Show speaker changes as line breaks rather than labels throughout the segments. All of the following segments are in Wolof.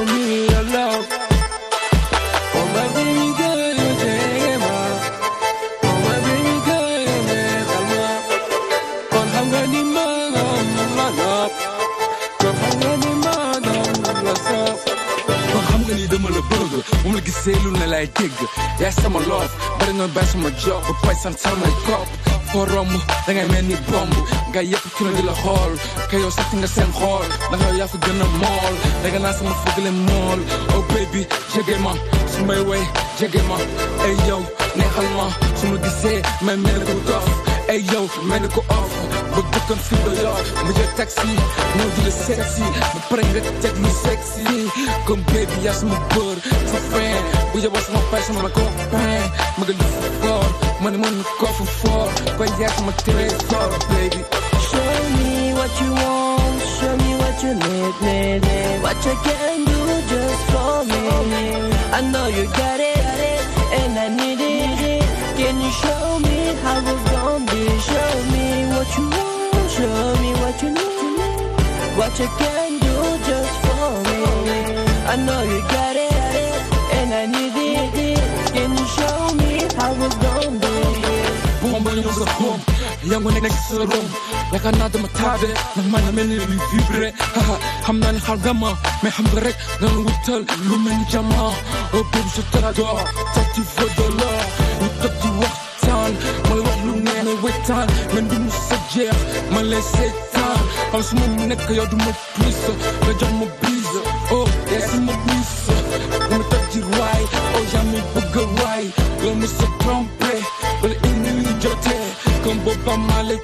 for me, your love. Oh, my baby girl, you're Jema. Oh, my baby girl, you're Netama. Oh, I'm gonna man, up. Oh, I'm
gonna up. Oh, I'm gonna need a man a burger. I'm Yes, I'm a love. But I know best I'm a job. But quite some time I cop foo romb da ngay mel ni bomb nga yëpp ci na di la xool ka sax nga seen xool ndax yow yaa fi gën a mool da nga naa sama fëgale mool oh baby jege ma su may way jege ma ay yow neexal ma su ma gisee may mel ni ko dof ay yow mel ko off ba dëkkam fi ba yor mu jël taxi ñëw di la sexy ba pare nga teg lu sexy comme baby yaa sama bër sa friend, bu yeboo sama pay sama la copain ma nga lu fa Money, money, go for four. But yeah, I'm a
three, four, baby. Show me what you want. Show me what you need, need, need. What you can do just for me. I know you got it, and I need it. Can you show me how it's gonna be? Show me what you want. Show me what you need. What you can do just for me. I know you got it, and I need it was gone, Boom, boom, nyoza boom
Yangu nek next to the room Yaka nada My Namana meni li vibre Haha, hamnan hargama Me hamgarek Nan wutal Lumen jama Oh, boom, shutara door Tati for dollar Utati waktan Mal wak lu ngene wetan Men du musa jeex Man le setan Am sumu nekk yow du ma plus Nga jam ma bii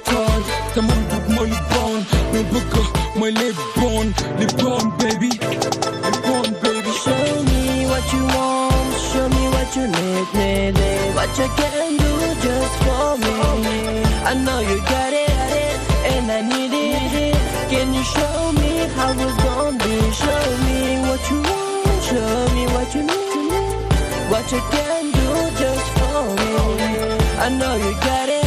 الكون تمربط ما لبون من بكرة ما لبون
لبون baby لبون baby show me what you want show me what you need need need what you can do just for me I know you got it got it, and I need it can you show me how it's gonna be show me what you want show me what you need what you can do just for me I know you got it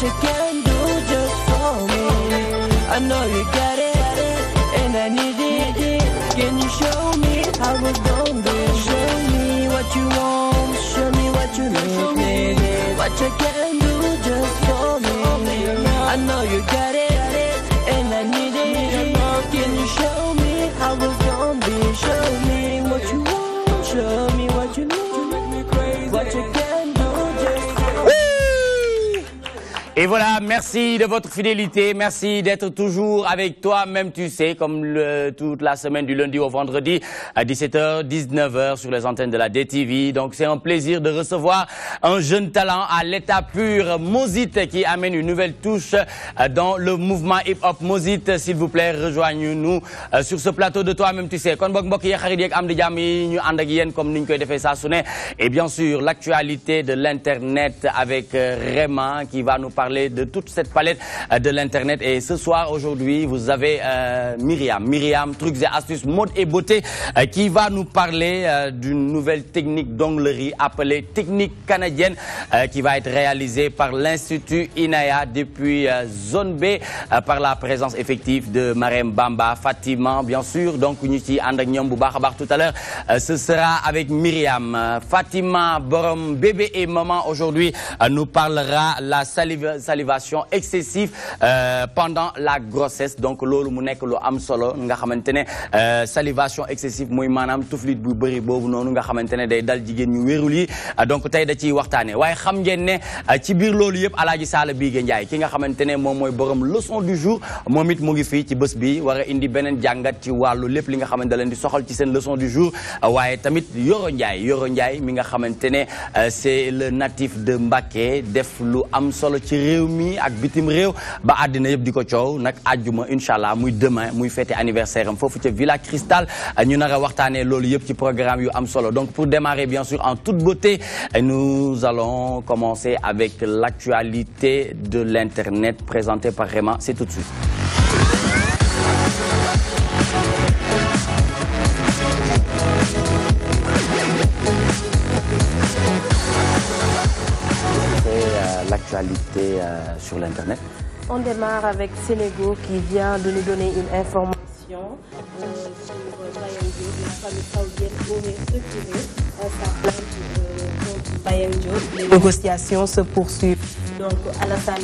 what you can do just for me. I know you got it, and I need it. Can you show me how it's gonna be? Show me what you want, show me what you need. What you can do just for me. I know you got it.
voilà, merci de votre fidélité, merci d'être toujours avec toi, même tu sais, comme toute la semaine du lundi au vendredi à 17h, 19h sur les antennes de la DTV. Donc c'est un plaisir de recevoir un jeune talent à l'état pur, Mozit, qui amène une nouvelle touche euh, dans le mouvement hip-hop. Mozit, s'il vous plaît, rejoignez-nous euh, sur ce plateau de toi, même tu sais. et bien sûr l'actualité de l'internet avec euh, Raymond qui va nous parler de tout toute cette palette euh, de l'Internet. Et ce soir, aujourd'hui, vous avez euh, Myriam. Myriam, trucs et astuces, mode et beauté, euh, qui va nous parler d'une nouvelle technique d'onglerie appelée technique canadienne, qui va être réalisée par l'Institut INAIA depuis Zone B, par la présence effective de Marem Bamba, Fatima, bien sûr. Donc, unity Boubachabar tout à l'heure. ce sera avec Myriam. Fatima Borom, bébé et maman, aujourd'hui, nous parlera la salivation excessif excessive euh, pendant la grossesse donc lolu mu nek lu am solo nga xamantene euh, salivation excessive moy manam tuflit bu bëri bobu nonu nga xamantene day dal jigen ñu wérul donc tay da ci waxtane waye xam ngeen ne euh, ci biir loolu yëpp alaaji Saala Biige Njaay ki nga xamantene mom moy borom leçon du jour momit mo mu ngi fii ci bëss bi wara indi benen jangat ci walu lépp li nga xamantene da leen di soxal ci sen leçon du jour waye tamit Yoro Ndiaye Yoro Ndiaye mi nga xamantene euh, c'est le natif de Mbaké def lu am solo ci réew avec ak bitim réew ba àddina yëpp di ko coow nag àjjuma demain muy fête anniversaire am foofu Villa Cristal ñu nar a waxtaanee loolu ci programme yu am solo donc pour démarrer bien sûr en toute beauté nous allons commencer avec l'actualité de l'internet présentée par Réma c'est tout de suite l'actualité euh, sur l'Internet.
On démarre avec Sénégo qui vient de nous donner une information euh, sur Brian Gay, la famille saoudienne aurait retiré sa plainte euh, les négociations se poursuivent. Donc, Alassane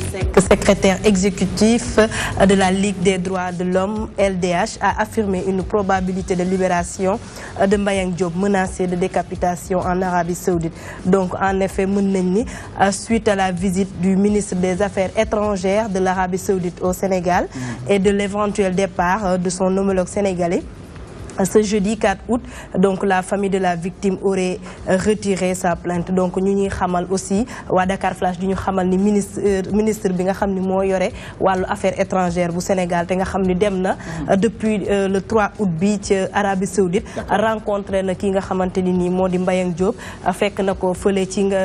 secrétaire exécutif de la Ligue des droits de l'homme, LDH, a affirmé une probabilité de libération de Mbayang Diop menacé de décapitation en Arabie Saoudite. Donc, en effet, Mounenni, euh, suite à la visite du ministre des Affaires étrangères de l'Arabie Saoudite au Sénégal mmh. et de l'éventuel départ euh, de son homologue sénégalais, ce jeudi 4 août donc la famille de la victime aurait euh, retiré sa plainte donc ñu ñuy xamal aussi à Dakar Flash nous ñu xamal ni ministre euh, ministre bi nga xam ni moo yore affaires étrangères bu Sénégal te nga xam mm-hmm. euh, depuis le 3 août bi ci Arabie Saoudite rencontré na kii nga xamante ni nii moo di Mbayang Diop fekk na ko fële ci nga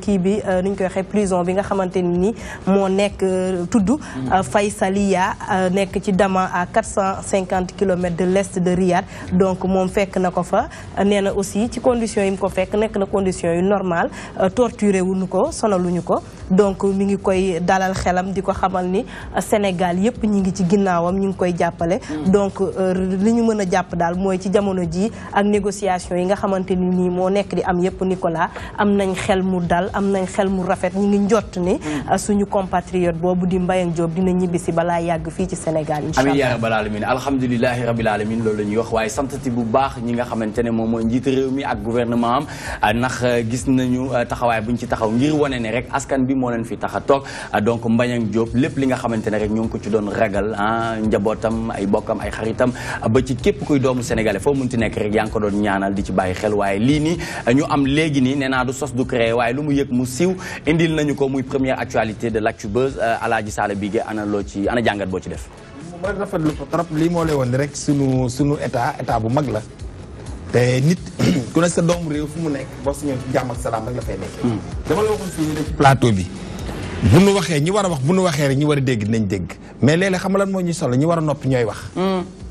kii bi ñu koy prison bi nga xamante ni nii moo mm-hmm. Faisalia, à 450 km de l'est de Riyad milliards donc mom fekk nako fa nee aussi ci condition yim ko fekk nek na condition yu normal euh, torturé wuñu ko sonaluñu ko donc mi ngi koy dalal xelam diko xamal ni euh, Sénégal yépp ñi ngi ci ginnaawam ñi ngi koy jàppale mm. donc euh, liñu ñu japp dal moy ci jamono ji ak négociation yi nga xamanteni ni mo nek di am yépp Nicolas am nañ xel mu dal am nañ xel mu rafet ñi ngi njott ni mm. suñu compatriote bobu di Mbayang job dina ñibisi bala yag fi ci Sénégal inshallah amin ya yaa rabbal
aalamiin alhamdulilahi rabbil alamin loolu la jox waaye santati bu baax ñi nga xamante ne moom mooy njiit réew mi ak gouvernement am ah, ndax ah, gis nañu ah, taxawaay bu ñu ci taxaw ngir wane ne rek askan bi moo leen fi tax a toog donc Mbagnang jóob lépp li nga xamante ne rek ñoo ngi ko ci doon ragal ah njabootam ay bokkam ay xaritam ba ci képp kuy doomu sénégalais foo munti nekk rek yaa ngi ko doon ñaanal di ci bàyyi xel waaye lii nii ñu am léegi nii nee naa du sos du créé waaye lu mu yëg mu siiw indil nañu ko muy première actualité de l'actu buzz Alaaji Sala Bigué ana loo ci ana jàngat boo ci def
ma rafetlu ko trop lii moo lay woon rek sunu sunu état état bu mag la te nit ku ne sa doomu réew fu mu nekk boo suñu jàmm ak salaam rek la fay nekk. Hmm. dama la waxoon fii rek plateau bi. bu nu waxee ñi war a wax bu nu waxee rek ñi war a dégg nañ dégg mais léeg-léeg xam lan moo ñu sol la ñi war a nopp ñooy wax. Hmm.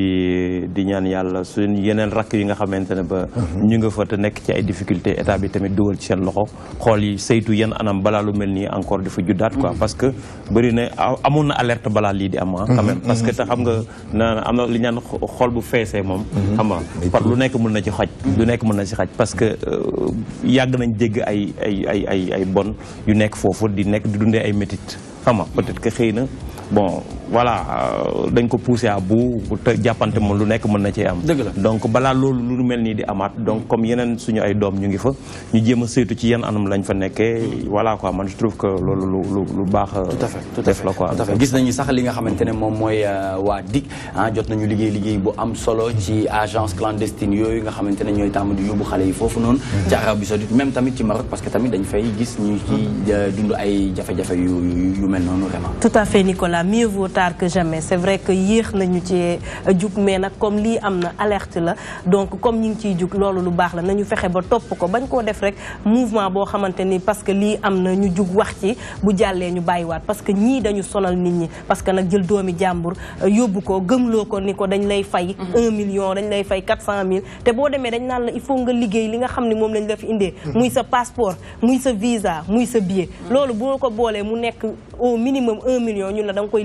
di di ñaan yàlla suñ yeneen rakk yi nga xamante ne ba ñu nga fa te nekk ci ay difficulté état bi tamit dugal ci seen loxo xool yi saytu yan anam balaa lu mel nii encore di fa juddaat ko parce que bëri na amoon na alerte balaa lii di am ah, quand même parce que te xam nga na am na li ñaan xool bu feesee moom xam nga par lu nekk mën na ci xaj lu nekk mën na ci xaj parce que euh, yàgg nañ dégg ay ay ay ay ay bon yu nekk foofu di nekk di dundee ay métit xam nga peut xëy na voilà euh, dañ ko poussé à bout te jàppante moom lu nekk mën na cee am. dëgg la donc balaa loolu lu mel nii di amaat donc comme yeneen suñu ay doom ñu ngi fa ñu jéem a saytu ci yan anam lañ fa nekkee. Hmm. voilà ko man je trouve lu lu baax. Euh, tout à fait tout à fait def
sax li nga xamante ne moom mooy euh, waa DIC ah, jot nañu liggéey liggéey bu am solo ci agence clandestine yooyu nga xamante ne ñooy tàmm di yóbbu xale yi foofu noonu. Hmm. ci Arabie Saoudite tamit ci Maroc parce que tamit dañ fay gis ñu ci hmm. dund ay jafe-jafe yu yu mel noonu vraiment.
tout à fait Nicolas mieux vaut que jamais c'est vrai que hier, euh, comme alerte donc comme nous ngi nous avons nous mouvement parce que li amna ñu wax ci bu parce que ñi dañu sonal nit ñi parce que nak jël doomi jambour euh, yobbu ko gëmlo ko dañ lay mm-hmm. million dañ lay fay quatre 000. dañ de il faut nga mm-hmm. passeport muy visa muy sa billet mm-hmm. lolu ko au minimum un million ñun la koy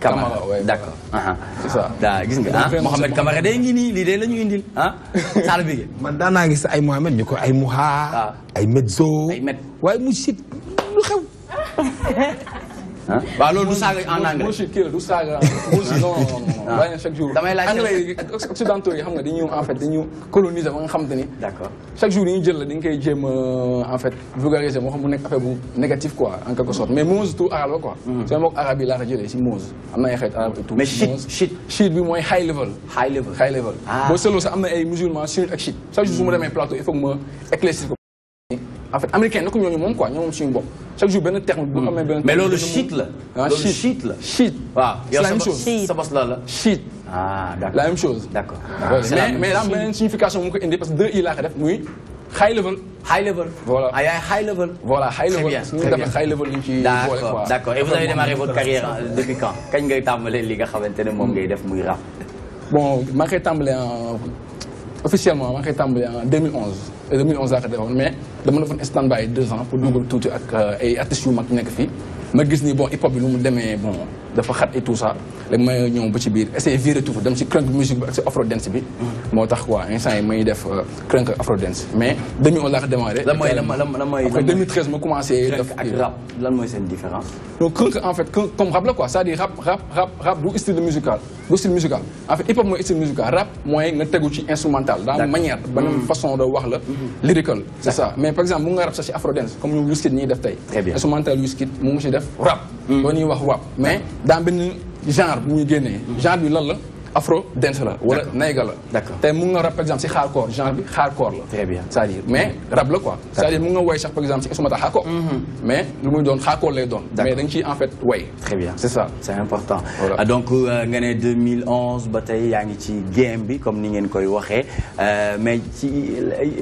Camara d'accord uh-huh. c'est ça daa gis
nga ah Mouhamed Camara day ngi nii lii de la ñu indil ah
saal bi man daan naa gis ay Mouhamed ñu ko ay Mouha ah. ay Medzo ay Met waaye mu sit lu xew Hein? bah loolu nous en anglais Nous
sommes en Nous non en ah. chaque jour anglais en fait Nous sommes ba nga d'accord chaque jour dañuy jël la en fait vulgariser sommes xam bu quoi en quelque sorte mais moose tout arabe quoi c'est un mot arabe mais shit shit shit bi high level high level high level ah. musulmans shit shit chaque jour mm. me un plateau il faut que en fait américain quoi chaque jour benn terme boo ben, xamee benn. mais le shit la. ah shit shit là. shit waaw ah, c'est la même chose Ça bos la la. shit ah d'accord la même chose. d'accord ah, mais mais daa am signification mu ko parce que deux il a ko oui, muy. high level. High level. Voilà. Ah, high level. Voilà, high level. Bien, très bien. High level. D'accord, d'accord. Et vous avez démarré votre carrière hein, depuis quand Quand vous avez
tambalé les gars, vous avez fait mon rap
Bon, je suis en... officiellement, je suis en 2011. 2011 laa ko defoon mais dama defoon stand by deux ans pour dugg tuuti ak euh, ay artistes yu mag nekk fii. ma gis ni bon hip hop bi lu mu demee bon dafa xat et tout ça léegi ma ñëw ba ci biir c'est viré tout dem ci crunk musique bi ak ci afro dance bi. moo tax quoi instant yi may def euh, crunk afro dance mais demi on l'a démarré. lan après 2013 ma commencé. def ak rap lan mooy seen différence. donc crunk en fait crunk comme rap la quoi c'est-à-dire rap rap rap rap du style musical du style musical en fait hip hop mooy style musical rap mooy nga tegu ci instrumental. dans manière beneen mm-hmm. façon de wax la. lyrical c'est ça mais par exemple mu nga rap sax ci afro dance comme ñu Wizkid ñuy def tey. très bien instrumental Wizkid mu ngi def def rap. Hmm. ba wax rap mais dans ben genre bu ñuy genre bi lan la afro dance la. wala nayga la. d'accord te mun nga rap par exemple si hardcore genre bi hardcore la. très bien c'est-à-dire mais hmm. rap la quoi. c'est-à-dire mun nga way sax par exemple si Fatoumata hardcore. Hmm. mais lu muy doon hardcore lay doon. mais da ci en fait way très bien c'est ça c'est important.
Ah, donc euh, nga 2011 ba tey yaa ngi ci game bi comme ni ngeen koy waxee euh, mais ci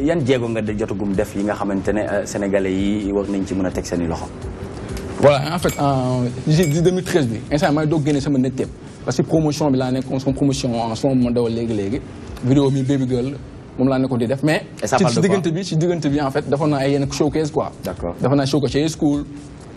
yan djégo nga jotagum def yi nga xamante euh, sénégalais yi war nañ ci mëna a teg loxo
voilà en fait en dit 2013 mais m'a maa gagner parce que promotion là promotion en ce moment de vidéo mi baby girl on l'a di def mais. je diggante bi ci je bi en fait il y a showcase quoi. d'accord showcase school.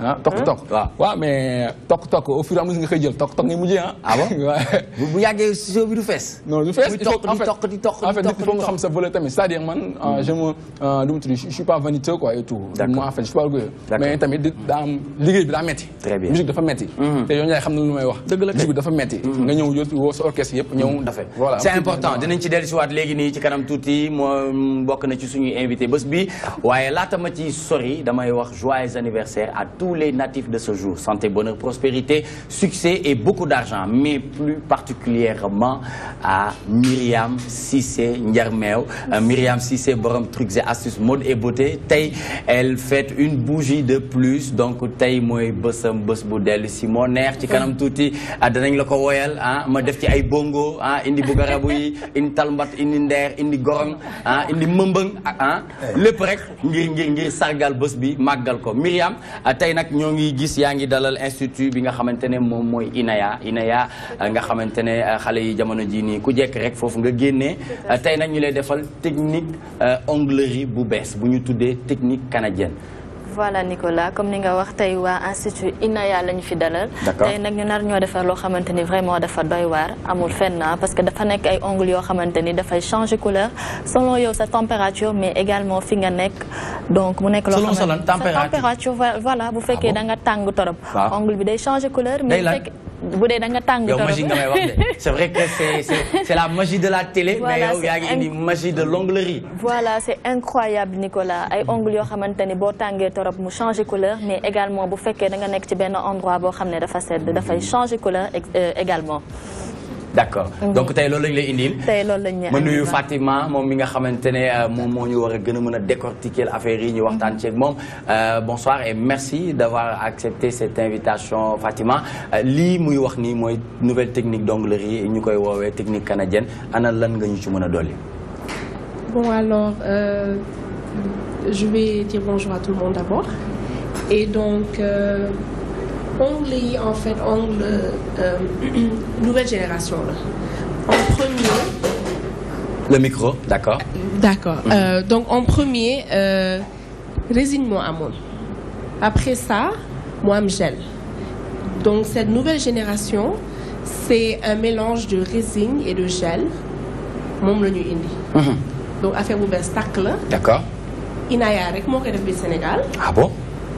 ah tok tokk hein? waaw. mais tok tok au fur et à mesure nga koy jël tok tok ni mujjee ah. ah bon bu bu yàggee soo bi du fess non du fees tok faut en fait en fait il faut nga xam sa volé tamit c'est-à-dire man euh, hmm. je me lu euh, mu je suis pas vaniteux quoi et tout. d'accord moi en fait je suis pas orgueilleux. mais tamit da am liggéey bi da metti. très bien musique dafa metti. Hmm. té yow ñay xam na lu may wax. dëgg la musique da fa metti. Hmm. nga ñew yo woo sa orchestre ñew da fa
voilà c'est
important dinañ ci wat légui ni ci kanam touti mo bok na ci suñu invité bëss bi ah. waaye laata ma ci sori damay wax joyeux anniversaire à tous les natifs de ce jour. Santé, bonheur, prospérité, succès et beaucoup d'argent, mais plus particulièrement à Myriam Sissé Ndiarmeo. Euh, Myriam Sissé, Borom Trucs et Astuces, Mode et Beauté. Tay, elle fait une bougie de plus, donc tay moi bosse un bu dellu si moo neex ci kanam touti ah, danañ ah ma def ci bongo ah indi bugarabu indi talmbat indi ndeer indi gorong ah indi mëmbëng ah, ah. le rek ngir ngir sargal bi ko Myriam ah, tey nag ñoo ngi gis yaa ngi dalal institut bi nga xamante ne moom mooy INAYA INAYA euh, nga xamante ne euh, xale yi jamono jii nii ku jekk rek foofu nga génne euh, tey nag ñu lay defal technique onglerie bu bees bu ñu tuddee technique canadienne
voilà Nicolas comme ni nga wax tey waa institut INAYA la ñu fi dalal. tey nag ñu nar ñoo defar loo xamante ni vraiment dafa doy waar amul fenn ah, parce que dafa nekk ay ongles yoo xamante dafay changer couleur selon yow sa température mais également fi nga nekk donc mu nekk. loo xamante sa température voilà bu fekkee ah da nga tàng torop ah. ongle bi day changer couleur. mais bu da nga tang torop magie nga may wax c'est vrai que c'est
c'est la magie de la télé mais yow yaa ngi indi magie de l'onglerie
voilà c'est incroyable Nicolas ay hmm. ongles yo xamante bo tangé torop mu changer couleur mais également bu féké da nga nek ci ben endroit bo xamné dafa sedd da fay changer couleur euh, également
d'accord donc tu es lañ lay
Tu es loolu ma
nuyu Fatima moom mi nga xamante ne euh, moom ñu a gën décortiquer affaire yi ñu waxtaan euh, bonsoir et merci d'avoir accepté cette invitation Fatima euh, Li muy wax c'est mooy nouvelle technique d'onglerie ñu koy technique canadienne ana lan que ñu ci mën
bon alors euh, je vais dire bonjour à tout le monde d'abord et donc. Euh les en fait, on euh, nouvelle génération. En premier.
Le micro, d'accord.
D'accord. Mhm. Euh, donc, en premier, euh, résine moi à Après ça, moi, me gèle. Donc, cette nouvelle génération, c'est un mélange de résine et de gel. Mon menu indi. Mhm. Donc, affaire ouverte, D'accord. Inaya, avec mon Sénégal. Ah bon?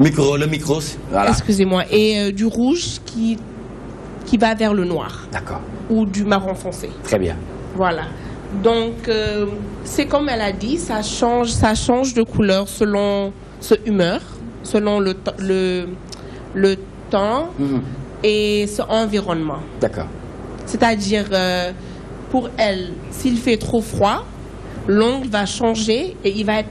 Micro, le micro. Voilà.
Excusez-moi. Et euh, du rouge qui, qui va vers le noir. D'accord. Ou du marron foncé. Très bien. Voilà. Donc, euh, c'est comme elle a dit, ça change, ça change de couleur selon ce humeur, selon le, le, temps mhm. et son environnement. D'accord. C'est-à-dire, euh, pour elle, s'il fait trop froid, l'ongle va changer et il va être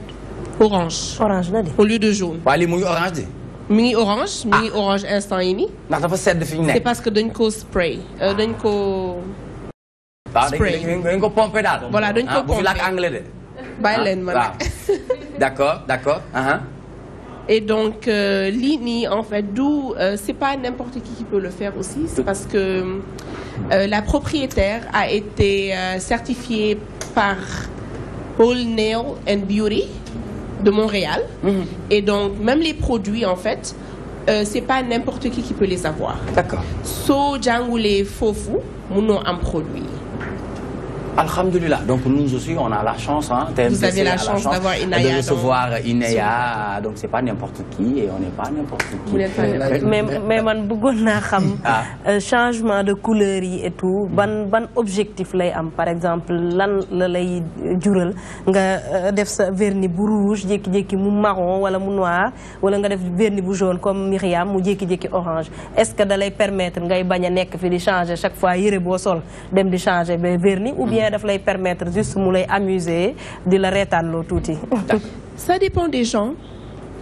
orange. orange là,
au lieu de jaune. Bah les mu orange dit.
mi orange. mi ah. orange instant yi nii.
ndax dafa sedd fi c'est parce
que d'un euh, coup ah. spray dañ ko.
spray d'un coup pompé voilà d'un coup pompé bu fi anglais de. bàyyi leen ah, ma nag d'accord d'accord. Uh-huh.
Et donc, euh, l'INI, en fait, d'où euh, c'est pas n'importe qui qui peut le faire aussi, c'est parce que euh, la propriétaire a été euh, certifiée par All Nail and Beauty, de Montréal. Mhm. Et donc, même les produits, en fait, euh, c'est pas n'importe qui qui peut les avoir. D'accord. So, Django, les fofu,
nous non un produit. Alhamdulillah. Donc nous aussi, on a la chance. Hein, Vous avez la chance, d'avoir Inaya. De recevoir donc... Inaya. Donc c'est pas n'importe qui et on n'est pas n'importe qui. mais
Mais, mais man, ah. euh, changement de couleur et tout, ban, ban objectif lay am. Par exemple, là le lay djural, nga euh, def vernis rouge, djeki djeki mou marron, wala mou noir, wala nga def vernis jaune comme Myriam, ou djeki djeki orange. Est-ce que da lay permettre ngay baña nek fi di changer chaque fois yere bo sol, dem di changer vernis ou bien bien daf permettre juste se lay amuser di la tout. outil
ça dépend des gens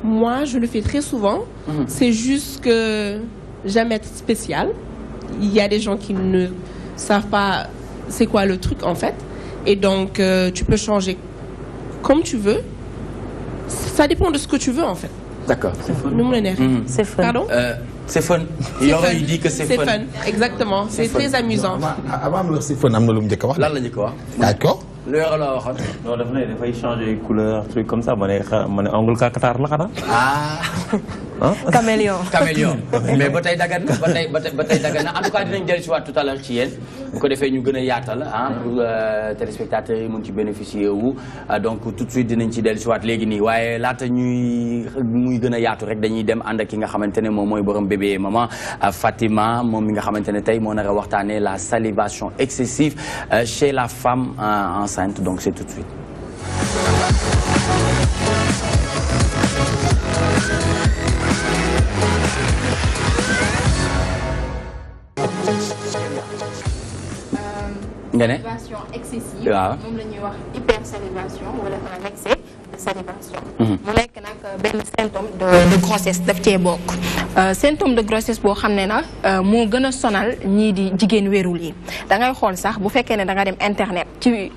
moi je le fais très souvent. Mhm. c'est juste que jamais être spécial. Il y a des gens qui ne savent pas c'est quoi le truc en fait. Et donc euh, tu peux changer comme tu veux. Ça dépend de ce que tu veux en fait.
D'accord. C'est vrai mhm.
C'est Pardon
euh, c'est fun. Et il dit que c'est fun. C'est fun.
exactement c'est très amusant.
avant c'est fun am lu mu a wax. lan la njëkk wax.
d'accord. L'heure alors. la waxoon. non daf ne changer changer couleurs, truc comme ça ma ne ongle kakatar la xanaa. ah. Hein? caméléon caméléon
mais ba tey dagan na ba tey ba tey dagan en tout cas dinañ dellu ci wat tout à l'heure ci yene bu ko defee ñu gëna yaatal ah pour euh, téléspectateurs yi mun ci bénéficier wu ah, donc tout de suite dinañ ci ci wat légui ni waye la laata ñuy muy gëna a yaatu rek dañuy dem and ak ki nga xamantene mom moy borom bébé maman ah, Fatima mom mi nga xamantene tay mo na ra waxtané la salivation excessive euh, chez la femme ah, enceinte donc c'est tout de suite
nga salivation excessive. waaw moom la ñuy wax hypersalivation wala un excès de salivation.
Mhm. mu nekk nag euh, benn symptôme de de grossesse daf cee bokk.
Euh, symptôme de grossesse boo xam ne nag euh, moo sonal ñii di jigéen wérul yi da ngay xool sax bu fekkee ne da nga dem internet ci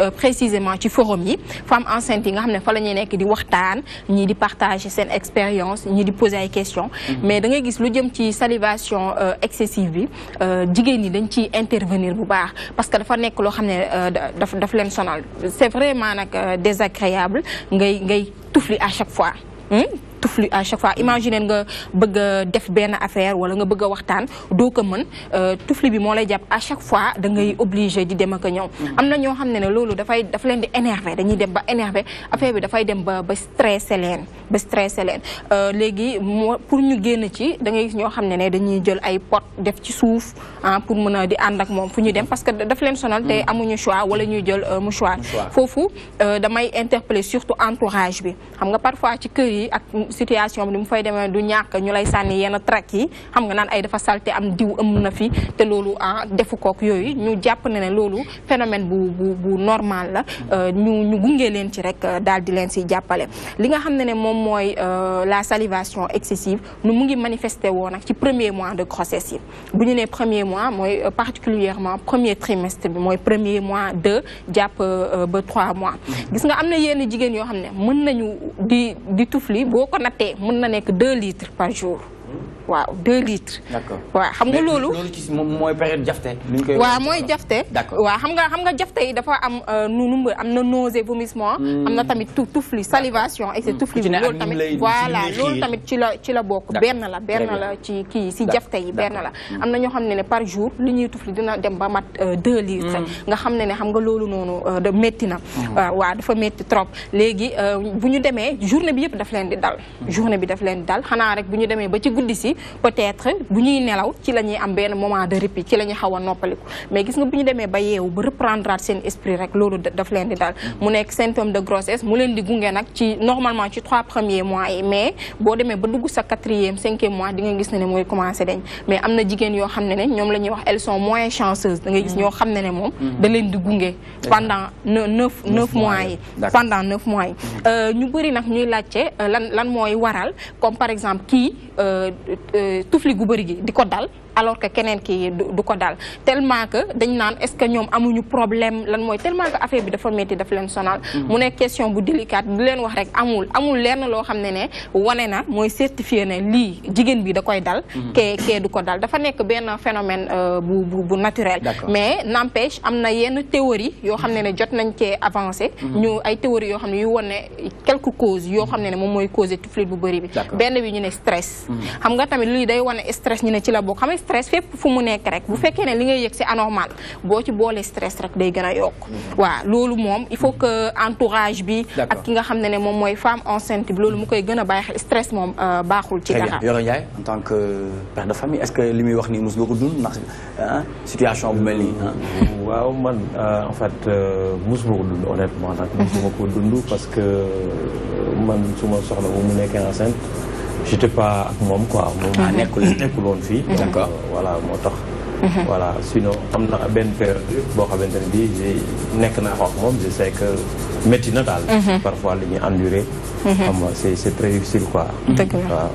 euh, précisément ci forum yi femmes enceintes nga xamné fa lañuy nek di waxtaan ñi di partager sen expérience ñi di poser ay questions. Mhm. mais da ngay gis lu jëm ci salivation euh, excessive bi euh, jigéen ñi dañ ci intervenir bu baax parce que dafa nekk loo xam ne daf daf leen sonal c'est vraiment nak désagréable ngay ngay toufli à chaque fois. Hmm? tufli à chaque fois imaginer nga bëgg def ben affaire wala nga bëgg a waxtaan doo ko mën euh, tufli bi moo lay jàpp à chaque fois da ngay obligé di dem ak a ñëw. Hmm. am na ñoo xam ne ne loolu dafay di énervé dañuy dem ba énervé affaire bi dafay dem ba ba stressé leen ba stressé leen euh, léegi moo pour ñu génn ci da ngay gis ñoo xam ne dañuy jël ay pot def ci suuf ah pour mën a di ànd ak moom fu ñu dem parce que daf leen sonal te hmm. amuñu choix wala ñuy jël euh, mouchoir foofu damay interpeller surtout entourage bi xam nga parfois ci kër yi ak situation bi ni mu fay demee du ñak ñu lay sànni yenn track yi xam nga naan ay dafa salte am diw ëmm na fi té lolu ah defu ak yooyu ñu japp né ne phénomène bu bu bu normal la euh, ñu ñu gungé len ci rek euh, dal di len ci jappalé li nga xamné né mom moy euh, la salivation excessive nu mu ngi manifesté woo nag ci premier mois de grossesse bu ñu né premier mois moy particulièrement premier trimestre bi moy premier mois de japp ba trois mois gis nga am na yenn jigéen yoo xam ne mën nañu di di tufli boko na nattee mun na nekk deux litres par jour. waaw 2 litres.
d'accord waaw xam nga loolu. loolu ci mooy période jafte. li ñu waaw mooy jafte. d'accord waaw
xam nga xam nga jafte dafa am euh, nu am na nausée vomissement. Hmm. am na tamit tu tufli salivation. et c'est hmm. tufli loolu tamit voilà loolu tamit ci la ci la bok, ben la ben la ci ki si jafte yi benn la. am na ño xamné né par jour li ñuy tufli dina dem ba mat 2 euh, litres. Hmm. nga xamné né xam nga lolu nonu euh, de metti na. waaw dafa metti trop Légui buñu démé journée bi yépp daf leen di dal. journée bi daf leen di dal Xana rek buñu démé ba ci goudi si peut-être bu nelaw ci lañuy am ben moment de répit ci lañuy ñuy xaw mais gis nga buñu démé ba yeewu ba reprendre seen esprit rek lolu daf leen di dal mu nek symptôme de grossesse mu leen di gunge nak ci normalement ci trois premiers mois yi mais bo démé ba dugg sa 4e 5e mois di nga gis né moy mooy commencé dañ mais amna jigen yo xamné né ñom lañuy wax elles sont moins chanceuses da ngay gis ño xamné ne ne mm-hmm. da leen di gunge pendant 9 9 mois pendant 9 mois mm-hmm. euh ñu bëri nak ñuy laajte euh, lan lan moy waral comme par exemple qui euh tufli gu bëri gi di ko dal alors que quelqu'un ki du ko dal tellement que dañ naan est-ce que ñoom amuñu problème lan mooy tellement que affaire bi dafa de dafa leen sonal. Mm-hmm. mu nekk question bu délicate di leen wax rek amul amul lenn loo xam ne ne wane na mooy certifié ne li jigéen bi da koy dal. que mm-hmm. que du ko dal dafa nekk benn phénomène euh, bu bu bu naturel. mais n'empêche am yenn théorie yo xam ne jot nañ cee avancé. Mm-hmm. ñu ay théorie yo xam ne yu wane quelques causes yo xam ne ne cause mooy causer tiflit bu bëri bi. benn bi ñu stress. xam nga tamit lii day wane stress ñu ne ci la bokk stress fépp fu mu nekk rek bu fekkene li ngay yek c'est anormal bo ci boolee stress rek day gën a wa mhm. waaw mom il faut que entourage bi ak ki nga xamné né mom moy femme enceinte bi loolu mu koy gëna a stress mom stress moom euh, baaxul ci dara
Yoro Ndiaye en tant que euh, père de famille est-ce que limi wax ni mos nga dund nak hein, situation bu mel
nii hein? waaw man euh, en fait mosuma ko dund honnêtement nak mosuma ko dund parce que man suma soxla bu mu enceinte j'étais pas ak moom quoi. moom ah, nekkul nekkul woon fii. d'accord euh, voilà moo tax. Mhm. voilà sinon am na benn période boo xamante ne bii nekk naa wax moom je sais que métti na mhm. parfois li ñuy enduré. comme c'est c'est très difficile quoi. d'accord la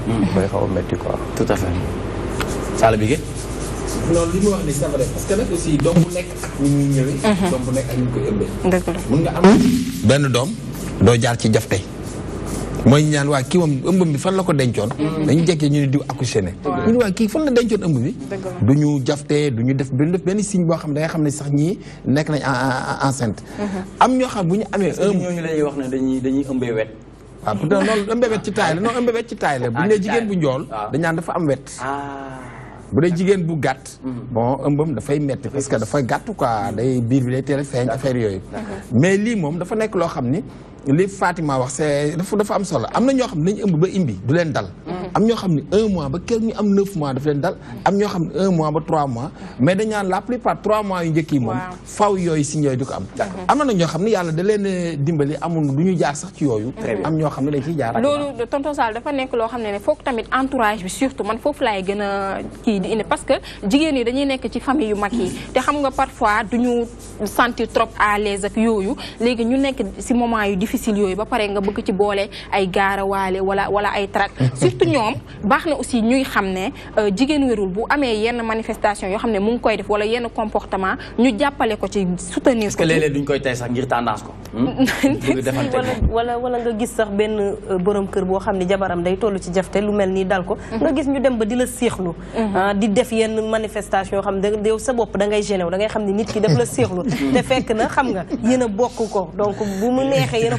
waaw mooy mhm. xaw a quoi. tout à fait. ça bi ngeen. non li wax ni c' est vrai parce que nag aussi
doom bu nekk ak ñi muy ñëwee. doom bu nekk ak ñi koy ëmbee. dëgg nga am benn doom doo jaar ci jafte. mooy ñaan waa kii moom ëmb bi fan la ko dencoon dañu jekkee ñu ne diw accouché ne ñu ne waa kii fan la dencoon ëmb bi du ñu jaftee du ñu def du benn signe boo xam ne da xam ne sax ñii nekk nañ enceinte uh-huh. am ñoo xam bu ñu amee ëmb ñooñu wax ne dañuy dañuy ëmbee wet waaw ah, pourtant loolu ëmbee wet ci taay la noonu ëmbee wet ci taay la ah, bu ñu nee jigéen bu njool ah. dafa am wet bu dee jigéen bu gàtt mm-hmm. bon ëmbam dafay metti parce que dafay gàtt quoi day biir bi rek teel a feeñ affaire yooyu mais lii moom dafa nekk loo xam ni li Fatima wax c'est dafa am solo amna ño xamni dañu ëmb ba imbi du len dal. Mm-hmm. am ño xamni 1 mois ba kenn ñu am 9 mois daf len dal. am ño xamni 1 mois ba 3 mois. mais dañu naan la plupart 3 mois yu njëkk yi moom. faaw yoy si ñoy du ko am. am na ño xamni yalla da len dimbali amul duñu jaar sax ci yooyu. am ño xamni ne dañ ciy jaar ak loolu
tonton Sall dafa nek lo xam ne ne tamit entourage bi surtout man fofu lay gëna ki di indi parce que jigéen yi dañuy nek ci famille yu mag yi te xam nga parfois duñu sentir trop à l'aise ak yooyu légui ñu nek ci moment yu difficile yooyu ba pare nga bëgg ci boole ay gaarawaale wala wala ay trac surtout ñoom baax na aussi ñuy xam ne euh, jigéen wérul bu amee yenn manifestation yoo xam ne mu ngi koy def wala yenn comportement ñu jàppale ko ci soutenir
est-ce
duñ koy tey sax ngir tendance ko hmm?
wala wala nga gis sax benn euh, borom kër boo xam ne jabaram day toll ci jafte lu mel nii dal ko mhm. nga gis ñu dem ba di la siixlu mhm. ah, di def yenn manifestation yoo xam ne yow sa bopp da ngay généw da ngay xam ni nit ki daf la siixlu te fekk na xam nga yéen bokk ko donc bu mu neexee yéen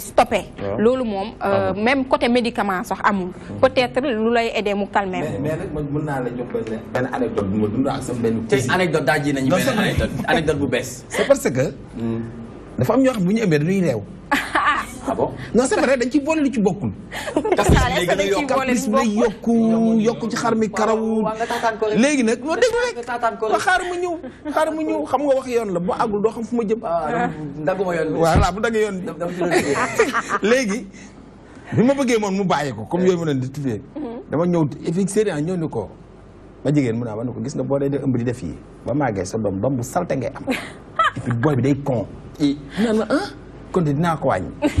stopper stoppé. Euh, ah même côté médicaments sax hmm. peut-être lu lay aidé mu calmer.
mais mais anecdote anecdote anecdote c'est parce que. Hmm. dafa am ñoo xam bu ñu ëmbee dañuy réew. ah bon dañ ci boole lu ci bokkul.
caprice
bi lay ci xar mi karaw. léegi nag noo déglu rek. ba xaar mu ñëw xam nga wax yoon la bu àggul doo xam fu ma jëm. Ah, dagguma bu daggee yoon bi. léegi bi ma bëggee moom mu bàyyi ko comme eh. yooyu ma leen di mhm. dama ñëw fixé ñëw ni ko. ma jigéen mu ne ah ma ne ko gis nga boo dee ëmb di def yi ba màggee sa doom doom bu salte ngay am. et booy bi day con. i naan ma ah kon de dinaa ko wàññi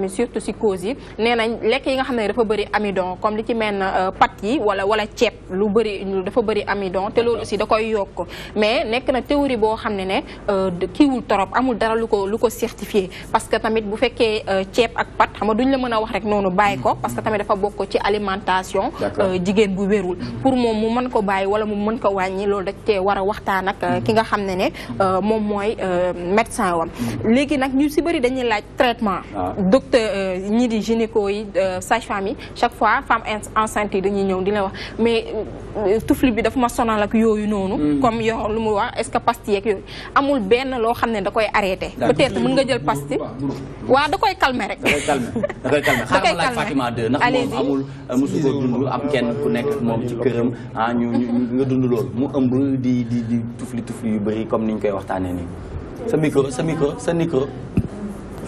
famille surtout si cause yi nee nañ yi nga xamné dafa bëri amidon comme li ci mel euh, pat yi wala wala ceeb lu bëri dafa bëri amidon té loolu aussi da koy yok mais nek na théorie bo xamné né euh, ki wul torop amul dara lu ko lu ko certifié parce que tamit bu fekkee euh, ceeb ak pat xam nga duñ la mëna wax rek nonu bay ko parce que tamit dafa bokk ci alimentation jigen bu wérul pour mom mu mën ko bay wala mu mën ko wañi loolu da cee wara a waxtaan ak ki nga xamné né mom moy médecin wam mm-hmm. légui nak ñu si bëri dañuy laaj traitement ah ni euh, ñii di gynéco euh, sage famille chaque fois femme enceinte de ni mais euh, tout bi ak mm. comme yo est-ce que pastille ak amul ben lo xamné da koy peut-être mën jël pastille. wa da koy calmer rek. da
koy calmer da koy calmer xam Fatima 2 nak amul ko dundul am kenn ku nekk ak ci kërëm ah ñu nga mu ëmb di di di yu comme niñ koy waxtané ni sa micro sa micro sa micro.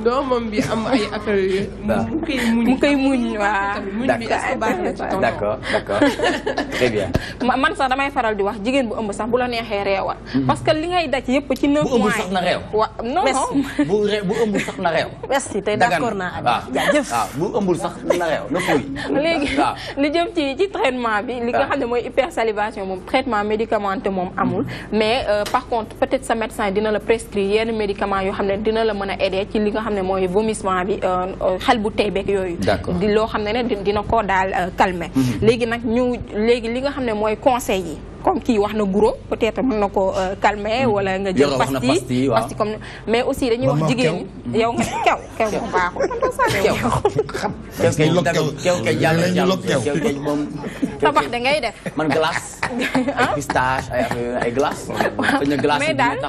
doomam bi am ay affaire yooyu.
Bah. mu
koy muñ mu koy muñ waaw. muñ
bi est-ce que baax na ci tonton
d'accord d'accord très bien.
man sax damay faral di wax jigéen bu ëmb sax bu la neexee reewal. Mm-hmm. parce que li ngay daj yëpp ci 9 mois bu ëmb sax na reew. wa non non
bu re bu ëmbul sax na reew.
merci tey d'accord naa ak ah, jaajëf waaw ah,
bu ëmbul sax na reew na fuy. léegi ah,
li jëm ci ci traitement bi. li nga xam ne mooy hypersalivation moom traitement médicamenteux moom amul. Mm-hmm. mais euh, par contre peut-être sa médecin dina la prescrire yenn médicament yoo xam ne dina la mën a aider ci li nga xam ne vomissement bi calmer mm-hmm. conseil yi comme qui waxna peut-être calmer mais aussi wax jigéen yow nga kew kew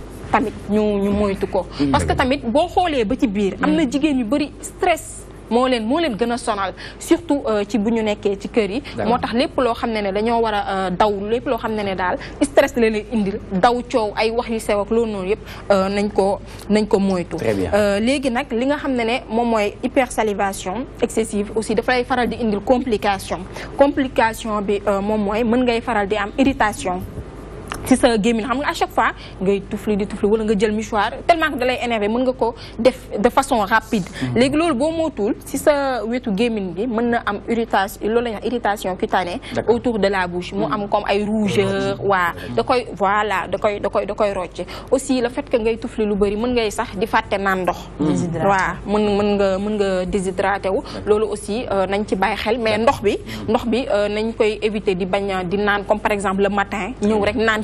tamit ñu ñu moytu ko. Mm. parce que tamit bo xolé ba ci biir. amna na mm. jigéen yu bari stress. mo leen mo leen gëna sonal surtout euh, ci buñu nekké ci kër yi. motax lepp lo xamné xam ne dañoo wara euh, daw lepp lo xamné ne dal stress la leen indil daw ciow ay wax yu sew ak lo non yépp euh, nañ ko nañ ko moytu. légui nak li nga xamné ne mom moy hypersalivation excessive aussi da fay faral di indil complication complication bi mom moy mën ngay faral di am irritation si sa gaming, xam nga à chaque fois ngay toufler di toufler wala nga jël mouchoir tellement que dalay énervé mën nga ko def de façon rapide mm-hmm. léegi lolu boo mootul si sa wetu gaming bi mën na am irritation lolu la y a irritation cutanée autour de la bouche mu am mm-hmm. comme ay rougeur wa, da koy voilà da koy da koy da koy rocc aussi le fait que ngay toufler lu bari mën ngay sax di faté nan ndox mm-hmm. wa, mën mën nga mën nga déshydraté wu aussi euh, nañ ci bàyyi xel mais ndox bi ndox bi euh, nañ koy éviter di bañ di nan, comme par exemple le matin ñëw rek nan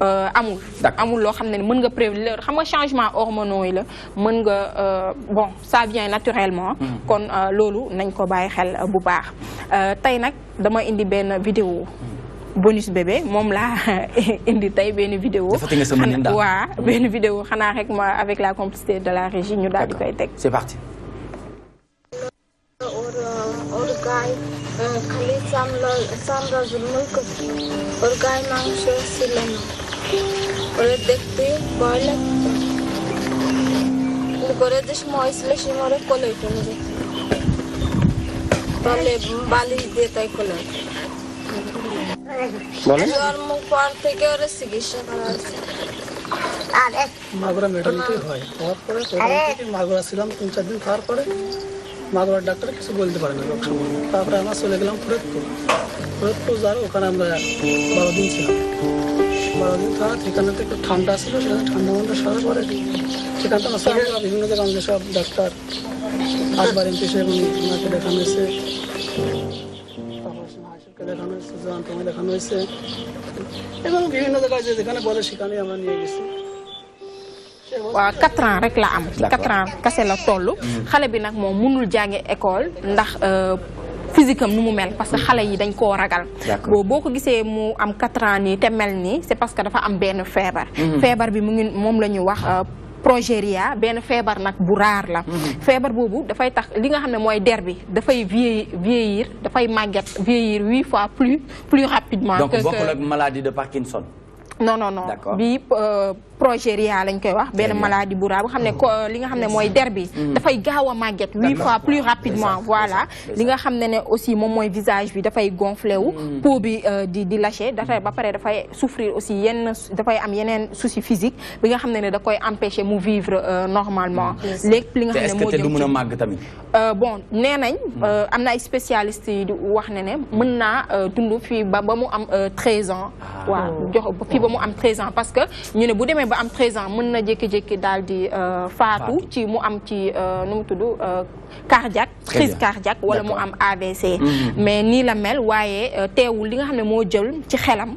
Amour, amour. amour changement hormonal. Euh, bon ça vient naturellement hmm. kon euh, lolu nañ ko xel euh, bu vidéo hmm. bonus bébé mom indi vidéo vidéo rek avec la complicité de la régie ñu c'est parti ওরে দেখতে ভয় লাগতো করে যে সময় ছিল সে মরে কোলে তাহলে বালি দিয়ে তাই কোলে
থেকে চিকিৎসা করা
হয় পরে মাগুরা ছিলাম তিন চার
দিন পরে মাগুরার ডাক্তার কিছু না তারপরে আমরা চলে গেলাম ফরিদপুর ফরিদপুর যার ওখানে আমরা বারো দিন ছিলাম মারা যেত তারা
একটু ঠান্ডা ছিল সেখানে ঠান্ডা মান্ডা সবাই পরে সেখান থেকে বিভিন্ন জায়গায় সব ডাক্তার আসবার এমপি সাহেব ওনাকে দেখানো হয়েছে
দেখানো হয়েছে জয়ন্তমে দেখানো হয়েছে এবং বিভিন্ন জায়গায় যেখানে বলে সেখানে আমরা
নিয়ে গেছি
waaw quatre ans rek la am quatre ans kase la toll xale mm. bi nag moom munul jàngi école ndax euh, physique nous nu mel parce que xalé yi dañ ko ragal bo boko ko mu am 4 ans nii te mel nii c'est parce que dafa am ben feebar mhm. feebar bi mu ngi mom lañu wax euh, progéria ben feebar nak bu raar la mhm. bobu da fay tax li nga xamné moy mooy da fay vieillir da fay màgget vieillir huit fois plus plus rapidement donc bokkul ak
maladie de Parkinson
non non non bi euh, progeria lañ koy wax ben maladie bu raa bu xamné li nga xamné moy mooy da fay gawa gaaw 8 fois plus rapidement voilà li nga xamné né aussi mom moy visage bi da fay gonfler wu mm-hmm. peau bi euh, di di lâcher da fay mm-hmm. ba da fay souffrir aussi yenn da fay am yenen souci physique bi nga xamné ne da koy empêcher mu vivre euh, normalement mm-hmm. lek li nga xam ne moo jëm du mën a màgg tamit euh, bon nee nañ am ay spécialistes yi wax né ne mën naa dund ba mu am 13 ans ah. wa jox fii ba mu am 13 ans parce que ñu né bu demee ba am 13 ans mën na jékki-jékki daldi euh fatou ci mu am ci euh, nu mu tudd euh, cardiaque crise cardiaque wala mu am AVC mm-hmm. mais ni la mel wayé euh, téwul li nga xamné mo moo jël ci xélam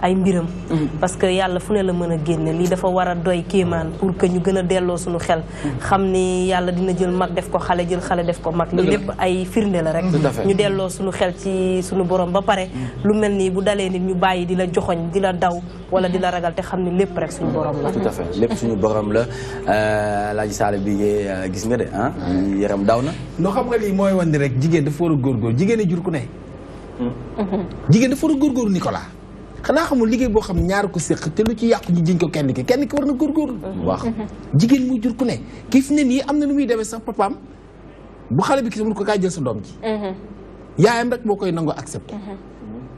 ay mbiram. Mm-hmm. parce que yàlla fu ne la mën a génne lii dafa war a doy kéemaan pour que ñu gën a delloo suñu xel. Mm-hmm. xam ni yàlla dina jël mag def ko xale jël xale def ko mag. lii lépp ay firnde la rek. ñu delloo suñu xel ci suñu borom ba pare. Mm-hmm. lu mel nii bu dalee nit ñu bàyyi di la joxoñ di la daw wala di la ragal te xam ni lépp rek suñu borom la. tout à fait
lépp suñu borom la euh, Alaaji Saale bi eh, gis nga de ah. yaram daw na.
loo xam nga lii mooy wan rek jigéen dafa war a góorgóor jigéen jur ku ne. Hmm? jigéen dafa war a góorgóorlu xanaa xamul liggéey boo xam ñaar ko séq te lu ci yàqu ñu jiñ ko kenn ki kenn ki war na góorgóorlu mm-hmm. waaw mm-hmm. jigéen muy jur ku ne kii fi ne nii am na lu muy demee sax papaam bu xale bi ki mun ko kaa jël sa doom ji mm-hmm. yaayam rek moo koy nangoo accepté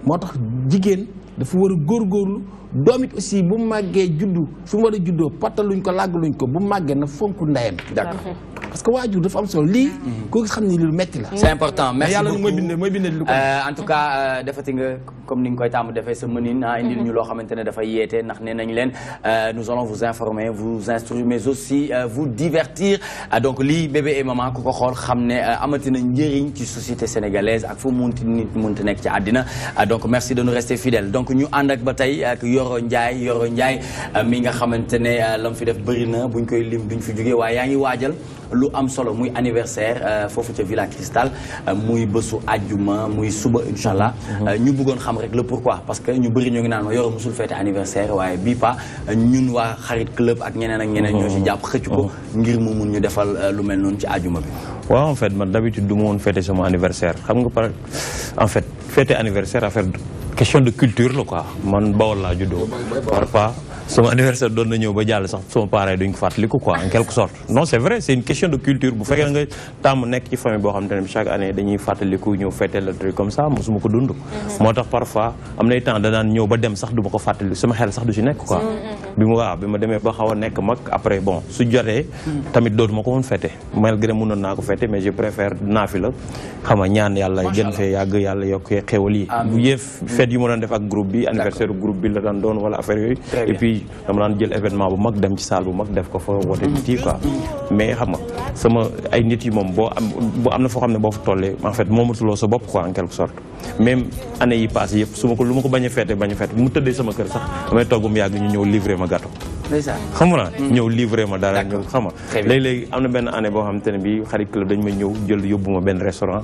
moo tax jigéen dafa war a góorgóorlu domit aussi bu màggee juddu fu mu war pataluñ ko làggaluñ ko bu màggee na fonku ndayam d'accord parce que waajur dafa am solo li ko xamni ne lu metti la c'est important merci yalla moy bindé moy bindé lu ko euh, en tout
cas euh, defati nga comme ni nga koy tàmm defee sa mënin ah indil ñu lo xamante dafa yété yeete ndax nee nañ leen euh, nous allons vous informer vous instruire mais aussi vous divertir ah, donc li bébé et maman ko ko xol xamné ne amati na njëriñ ci société sénégalaise ak fu munti nit munti nekk ci adina ah, donc merci de nous rester fidèles donc ñu and ak batay ak Yoro Ndiaye Yoro Ndiaye euh, mi nga xamantene euh, lam fi def bëri na buñ koy lim duñ fi jógee waaye yaangi wadjal lu am solo muy anniversaire euh, fofu ci Villa Cristal muy beusu aljuma muy suba inshallah mhm. ñu bëggon xam rek le pourquoi parce que ñu bëri ñoo ngi naan Yoro musul fété anniversaire waaye bi pa ñun wa xarit club ak ñeneen ak ñeneen. ñoo ci mhm. japp
xëccu ko mhm. ngir mu mun ñu defal lu mel non ci aljuma bi. waaw en fait man d'habitude du ma fété feete sama anniversaire xam nga par en fait feete anniversaire affaire. question de culture la quoi man Bawol laa juddoo par pas son anniversaire donne na ñëw ba son sax sama parent duñ quoi en quelque sorte non c'est vrai c'est une question de culture bu faites nga tàmm nekk ci famille boo xam te chaque année dañuy fàttaliku ñëw fêter le truc comme ça mosuma ko dund. Mm-hmm. moi tax parfois am nay temps danaan ñëw ba dem sax du ma ko fàttali sama xel sax du si nekk quoi. Mm-hmm. bi mu waaw bi ma demee ba après bon su jotee. Mm. tamit dootuma ko woon fête malgré nom n'a ko fêter mais je préfère naa fi la xam nga ñaan yàlla gën fee yàgg yàlla yokk xéwal yi. bu yëf fête yu def ak groupe bi anniversaire groupe bi la daan don wala affaire et puis fii dama daan jël événement bu mag dem ci salle bu mag def ko fa woote fii quoi mais xam nga sama ay nit yi moom boo am boo na foo xam ne boo fa tollee en fait moomatuloo sa bopp quoi en quelque sorte même année yi passé yëpp su ma ko lu ma ko bañ a feete bañ a feete mu tëddee sama kër sax damay toggum yàgg ñu ñëw livré ma gâteau xam nga hmm. ñëw livré ma dara ñëw xam nga léeg-léeg am na benn année boo xam te ne bi xarit club dañ ma ñëw jël yóbbu ma benn restaurant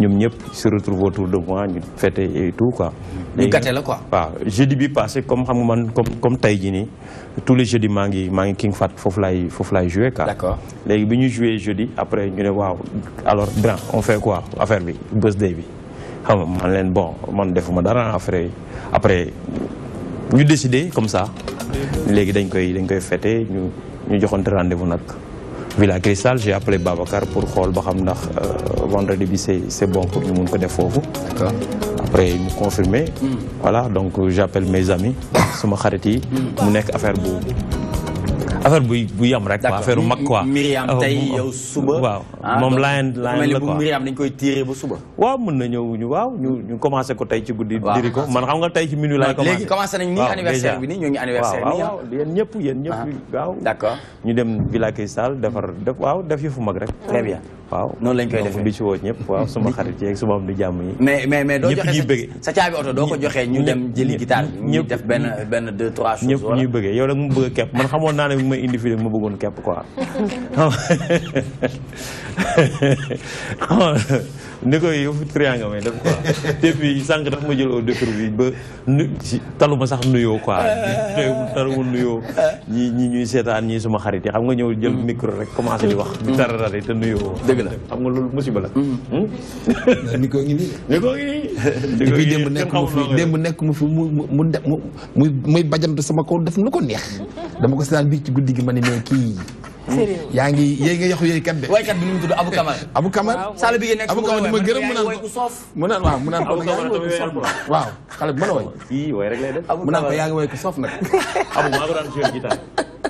ñoom ñëpp se retrouvent autour de moi ñu fête et tout quoi. ñu gàtte la quoi. waaw jeudi bi passé comme xam man comme comme tey jii tous les jeudis mangi mangi King Fat foofu laay foofu laay jouer quoi. d'accord léegi bi ñu joué jeudi après ñu ne waaw alors grand on fait quoi affaire bi birthday bi xam nga man leen bon man defuma dara après après ñu décider comme ça léegi dañ koy dañ koy fête ñu ñu joxante rendez-vous nag. Villa Cristal j'ai appelé Babacar pour xool ba euh, vendredi c'est bon pour nous ñu mun ko def D'accord. après il me confirmer hmm. voilà donc j'appelle mes amis suma xarit yi hmm. mu affaire affaire buy bu yem rek. d'accord affaire mag quoi. Myriam tey yow suba. waaw ah, moom Lion Lion la quoi Myriam dañ koy tiiree ba suba. waaw mën na ñëw ñu waaw ñu ñu commencé ko tey ci guddi. waaw ko man xam nga tey ci minuit laay commencé. léegi commencé nañ nii anniversaire bi nii ñoo ngi anniversaire bi. waaw yéen ñëpp yéen ñëpp. Ah. waaw ñu dem Villa Cristal defar def waaw def fu mag rek. très waaw noonu lañ koy defee bi ci woo ñëpp waaw suma xarit yeeg suma am di jàmm yi mais mais mais doo joxe sa caabi oto doo ko joxee ñu dem jëli guitare bi ñu def benn benn deux trois choses ñëpp ñuy bëggee yow nag mu bëgg kepp man xamoon naa ne bi ma indi fii ma bëggoon kepp quoi xamoon ni koy yow triangle may def quoi te puis sànq daf ma jël au dépourvu ba taluma sax nuyoo quoi taluma nuyoo ñi ñi ñuy seetaan ñi suma xarit yi xam nga ñëw jël micro rek commencé di wax di tararari te nuyoo dëgg la xam nga loolu musiba la. Mm-hmm. Hmm? ni ko ngi nii. ni ko ngi nii. depuis démb nekk mu
nekk mu fi mu mu mu muy muy bajantu sama kaw def nu ko neex. dama ko seetaan bii ci guddi gi ma ne mais yaa ngi yéy nga yox yooyu kat de waykat bi nu mu tudd
Abou Kamar
Abou Kamar sall bi Kamar mu naan mu naan waaw mu naan ko yaa ngi ku soof a woy mu naan ko yaa ngi ku soof nag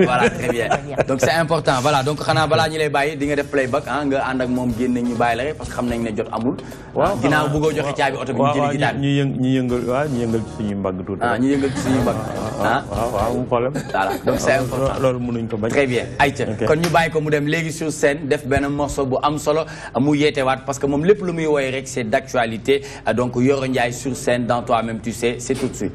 voilà très bien donc c' important voilà donc xanaa balaa ñu lay bàyyi di nga def playback ah nga ànd ak moom génn ñu bàyyi la rek parce que xam nañ ne jot amul. waaw ah, ginnaaw bëggoo joxe caabi oto bi ñu jëli
ñu ñu yëngal waaw ñu yëngal ci suñuy mbagg ah, ñu yëngal ci suñuy mbagg. ah, ah waaw waaw problème. voilà donc c' est important
ko bañ. très bien ayca kon ñu bàyyi ko mu dem léegi sur scène def benn morceau bu am solo mu yeetewaat parce que moom lépp lu muy woy rek c' est d' actualité donc Yoro Ndiaye sur scène dans toi même tu sais c' est tout de suite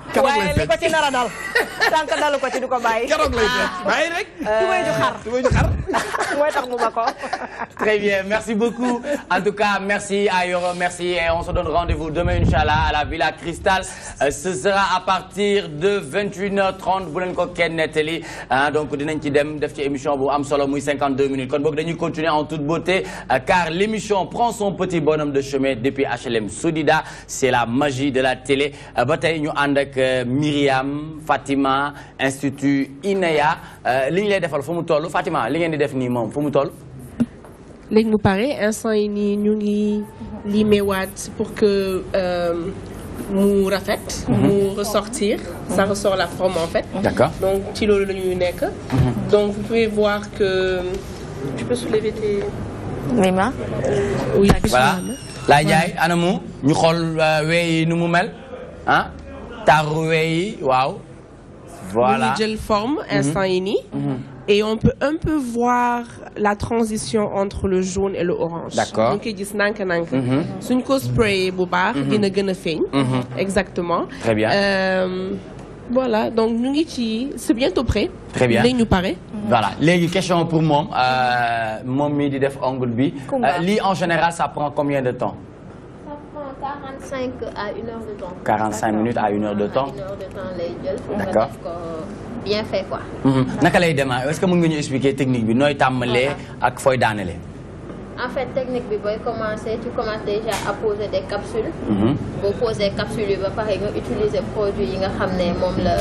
xar. tax très bien merci beaucoup en tout cas merci à Yoro merci et on se donne rendez-vous demain inchallah à la Villa Cristal euh, ce sera à partir de 21h30 bu ko ken ah, donc dinañ ci dem def émission bu am solo 52 minutes kon continuer en toute beauté euh, car l'émission prend son petit bonhomme de chemin depuis HLM Soudida c'est la magie de la télé euh, ba tey ñu euh, Myriam Fatima Institut INEA euh, li des lay defal fu Fatima li ngeen def ni nous fu mu toll.
mu pour que. nous refaites, nous ressortir. ça ressort la forme en fait. D'accord. donc tilo mhm. donc vous pouvez voir que tu peux soulever tes.
mains oui
voilà. ñu nous euh, nous ta yi waouh voilà gel
forme mhm. instant yi mhm. et on peut un peu voir la transition entre le jaune et le orange. d'accord Donc ils disent nank nank. Mhm. suñ ko sprayé bu baax. dina gën a exactement. très bien. Euh, voilà donc nous, c'est bientôt prêt. très bien Il nous paraît
voilà
les questions pour moi, euh, moom mii di def bi. Euh, en général ça prend combien de temps.
45 à 1 heure de temps.
45 minutes à 1 heure de temps.
D'accord. Bien fait quoi.
Mm-hmm. Naka lay est-ce que vous pouvez nous expliquer technique bi nooy tàmmalee ah, ah. ak fooy daanelee
en fait technique bi boy commencer tu commences déjà à poser des capsules. Pour mhm. poser des capsules yi par utiliser utiliser produit yi nga xam ne comme la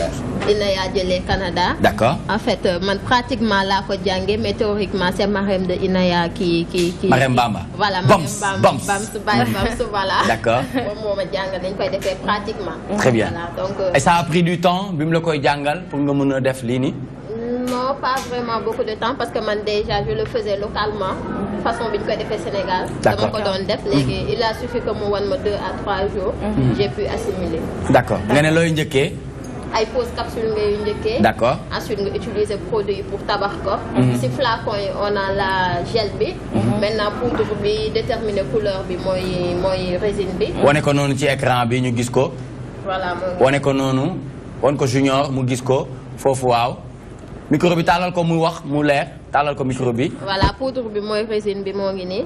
Inaya de Canada. d'accord en fait euh, man pratiquement là, ko jàngee mais théoriquement c'est Marème de Inaya qui qui qui. Bamba voilà Marem Bamba Bams Bams mhm. voilà. d'accord moom moo ma jàngal dañ koy pratiquement. très bien voilà donc. Euh, et
ça a pris du temps bi mu koy jàngal pour que vous a def
non, pas vraiment beaucoup de temps parce que déjà je le faisais localement. façon bi ñu koy Sénégal. dama ko doon mhm. il a suffi que mon wan ma deux à trois jours. Mhm. Mhm. j'ai pu assimiler.
d'accord nga ne une njëkkee.
ay fausse capsule une d'accord ensuite nga utiliser produit pour tabac ko. si flacon on a la gel maintenant pour bi déterminer couleur bi mooy résine bi. on ko connu
ci écran bi ñu ko.
voilà on ko
connu on ko junior mu gis ko waaw micro bi comme ko muy wax mu leer Voilà ko micro bi.
voilà poudre bi moy résine bi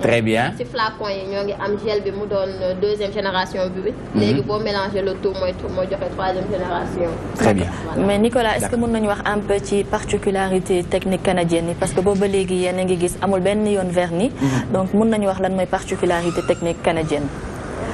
très bien ci flacon yi ñoo ngi am gel bi mu doon deuxième génération bi. Mhm. légui bo mélanger le tout mooy la troisième
génération. très bien mais Nicolas est-ce que mën nañ wax un peu particularité technique canadienne parce que vous ba légui yene ngi gis amul vernis. Mhm. donc mën nañ wax lan particularité technique canadienne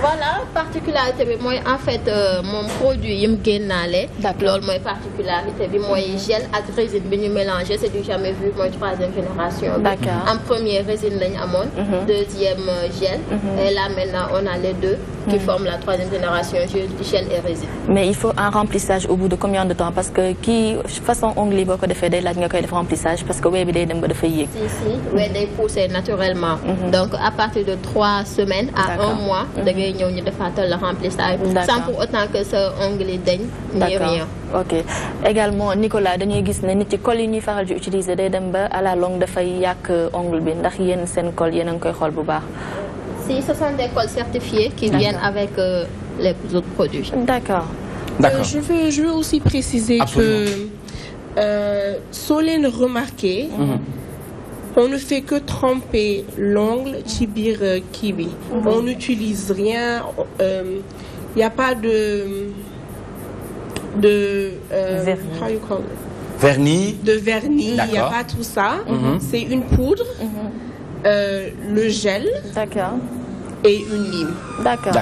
voilà particularité bi en fait euh, mon produit il me génnaale. loolu particularité bi mooy gel ak résine bi ñu mélangé c'est du jamais vu la troisième génération D'accord. en première résine de amone mhm. deuxième euh, gel. Mhm. et là maintenant on a les deux. qui mhm. forment la troisième génération gel et résine.
mais il faut un remplissage au bout de combien de temps parce que toute façon ongle ne peut pas faire de la remplissage parce que wéy bi day dem ba si
si wéy des pousser naturellement. donc à partir de trois semaines à un mois ngay ñëw ñu le remplissage. sans pour autant que ce onglet dañ.
ni rien ok également Nicolas dañuy gis ne nit ci col yi ñuy faral di utiliser day dem ba à la longue dafay yàq ongle bi ndax yéen seen col yéen a ngi koy xool bu baax. si
ce sont des cols certifiés. qui viennent avec euh, les autres produits. d'accord. d'accord. Euh, je veux je veux aussi préciser que euh, soo Solène remarquer.
Mm-hmm. On ne fait que tremper l'ongle tibir euh, kiwi. Mhm. On n'utilise rien. Il euh, n'y a pas de de euh, vernis. De vernis. Il n'y a pas tout ça. Mhm. C'est une poudre, mhm. le gel. Et une lime. D'accord.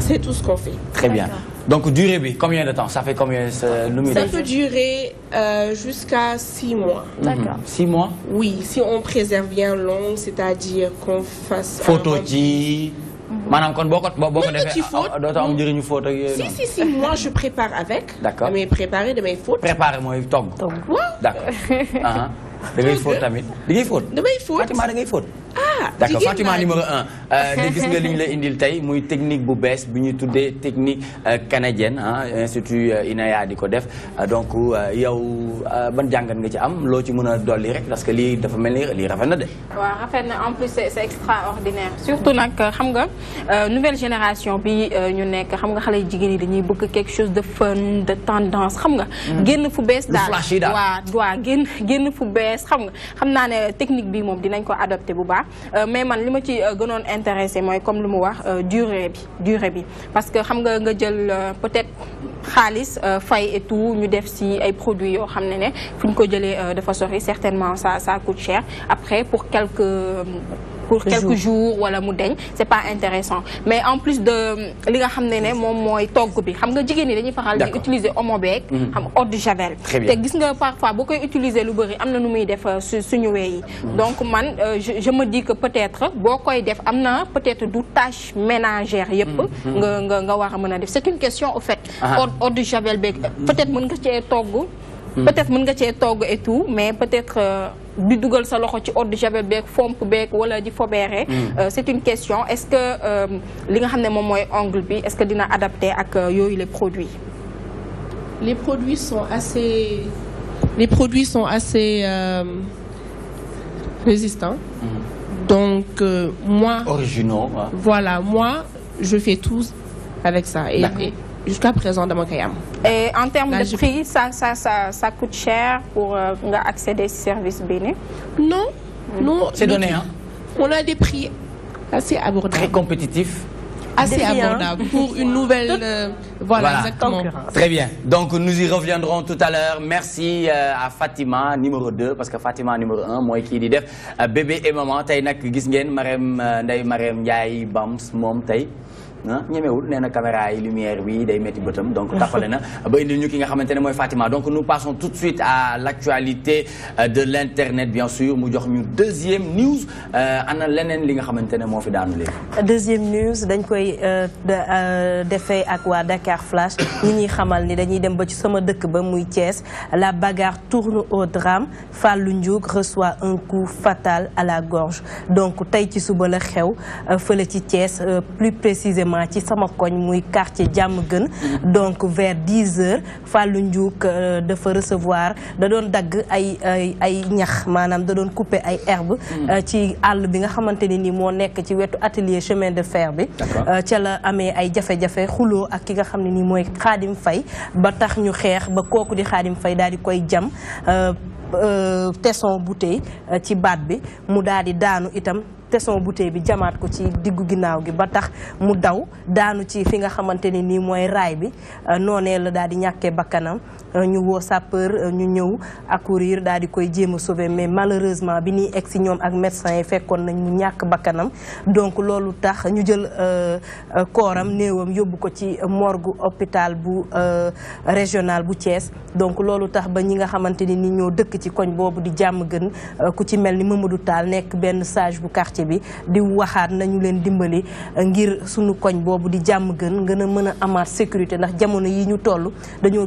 C'est tout ce qu'on fait. Très bien.
Donc, durée, combien de temps Ça fait combien ce numéro Ça peut
durer euh, jusqu'à 6 mois. Mhm. D'accord. 6 mois Oui, si on préserve bien long, c'est-à-dire qu'on fasse... Photo
qui Madame, quand beaucoup de d'autres ont une photo. Si, si,
si, moi je prépare avec. D'accord. Mais préparer de mes photos.
Préparez-moi, il tombe. D'accord. D'accord. De mes photos Tamit. De mes photos. De
mes photos. Fatima, de mes photos? Ah. Ah, d'accord Fatima numéro un
euh, gis nga li ñu la indil tey muy technique bu bees bi ñu tuddee technique euh, canadienne hein, institut euh, INEA di ko def donc yow ban jàngat nga ci am loo ci mën a dolli rek parce que lii dafa mel ni lii rafet na de.
waaw rafet na en plus c'est extraordinaire surtout nag xam nga nouvelle génération bi ñu nekk xam nga xale jigéen yi dañuy bëgg quelque chose de fun de tendance xam nga. Mm. génn fu bees daal waaw waaw génn génn fu bees xam nga xam naa ne technique bi moom dinañ ko adopté bu baax. Euh, mais man li ma ci euh, gënon intéressé moy comme lu mu wax euh, durée bi durée bi parce que xam nga nga jël peut-être xaalis fay et tout ñu def ci ay produits yo xamné ne fuñ ko jëlé dafa sori certainement ça ça coûte cher après pour quelques pour quelques jours ou à la c'est pas intéressant mais en plus de euh, li nga mon né et moom mooy togg bi xam nga ni faral di utiliser omo beeg mhm. xam de javel très bien parfois beaucoup utiliser lu bëri am na nu muy def euh, mhm. donc man euh, je me dis que peut être beaucoup et def amna peut être du tâches ménagères, yep mhm. nga nga C'est une question au fait hors ah. de javel peut être mon nga peut être mon nga et tout mais peut être di dougal sa loxo ci eau de javel beeg fomp beeg wala di fobeere hmm. euh, c'est une question est-ce que euh, li nga xamné mom moy mooy ongle bi est-ce que dina adapter ak euh, yooyu les produits
les produits sont assez les produits sont assez euh, résistants mmh. donc euh, moi
originaux
voilà moi je fais tout avec ça et, et jusqu'à présent dans mon
et en termes de prix ça ça ça coûte cher pour euh, accéder accéder ce service béni non.
Mm. non c'est donné hein.
on a des prix
assez abordables. très compétitifs.
assez hein? abordable pour une nouvelle. Euh, voilà, exactement. Très bien.
Donc, nous y reviendrons tout à l'heure. Merci euh, à Fatima, numéro 2, parce que Fatima, numéro 1, moi qui dis def. bébé et maman, taï nak marem, nday, marem, yay, bams, mom, taï ah ñemewul nee na caméra yi lumière bi day métti bëtam donc tappale na ba indil ñu ki nga xamante ne mooy Fatima donc nous passons tout de suite à l'actualité euh, de l'internet bien sûr mu jox ñu deuxième news euh, ana leneen li nga xamante ne moo fi daanu deuxième
news dañ koy euh, defee ak waa Dakar Flash ñi ñuy xamal ni dañuy dem ba ci sama dëkk ba muy Thiès la bagarre tourne au drame Fallou Ndiouk reçoit un coup fatal à la gorge donc tey ci suba la xew fële ci Thiès plus précisément exactement ci sama koñ muy quartier jàmm gën donc vers 10h Fallou Ndiouk euh, dafa recevoir da don dag ay ay ay ñax maanaam da don couper ay herbe mm. euh, ci all bi nga xamanteni ni mo nek ci wetu atelier chemin de fer bi euh, ca la amé ay jafé jafé xuloo ak ki nga xamni ni moy khadim Fay ba tax ñu xeex ba koku di khadim Fay daal di koy jam tesson bouteille ci bat bi mu daal di daanu itam teson bouteille bi jamaat ko ci diggu ginnaaw gi ba tax mu daw daanu ci fi nga xamante ni nii mooy raay bi euh, noonee la daal di ñàkkee bakkanam Euh, ñu woo sapeur euh, ñu ñëw accourir daal di koy jéem a sauver mais malheureusement bi ñuy egg si ñoom ak médecin yi fekkoon nañ mu ñàkk bakkanam donc loolu tax ñu jël euh, kooram néewam yóbbu ko ci morgue hôpital bu régional bu Thiès donc loolu tax ba ñi nga xamante ni ni ñoo dëkk ci koñ boobu di jàmm gën ku ci mel ni Mamadou taal nekk benn sage bu quartier bi di waxaat nañu leen dimbali ngir sunu koñ boobu di jàmm gën ngën a mën a amaat sécurité ndax jamono yi ñu toll dañoo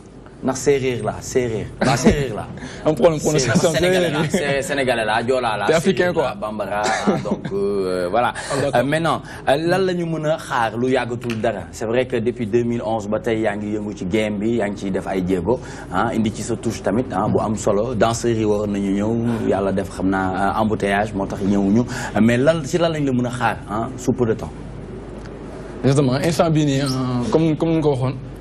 ndax séeréer la séeréer là. On la. am problème prononciation sénégalais sénégalais la djola la. c'est africain quoi bambara donc euh, voilà. Ah, euh, maintenant euh, lan lañu mëna xaar lu yagatul dara c'est vrai que depuis 2011 bataille tey yëngu ci game bi yaa ci def ay jéego ah indi ci sa touche tamit ah bu am solo danseurs yi waroon nañu ñëw yalla def xamna embouteillage motax tax mais lan ci lan lañu mëna xaar ah sous peu
de temps. exactement instant bii comme comme ni ko waxone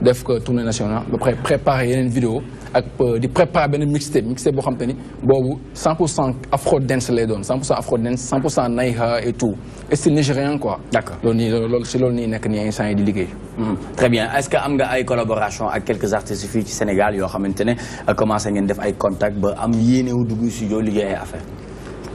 def que tournée nationale ba préparer une vidéo ak euh, di préparer une mixte, mixtape 100 afro dance 100 afro dance 100 naiha et tout et c'est nigérien quoi. d'accord C'est ce que nous avons fait
très bien est-ce que am nga une collaboration avec quelques artistes du Sénégal qui ont euh, commencé à def ay contacts ba am yéene wu dugg
studio liggéey affaire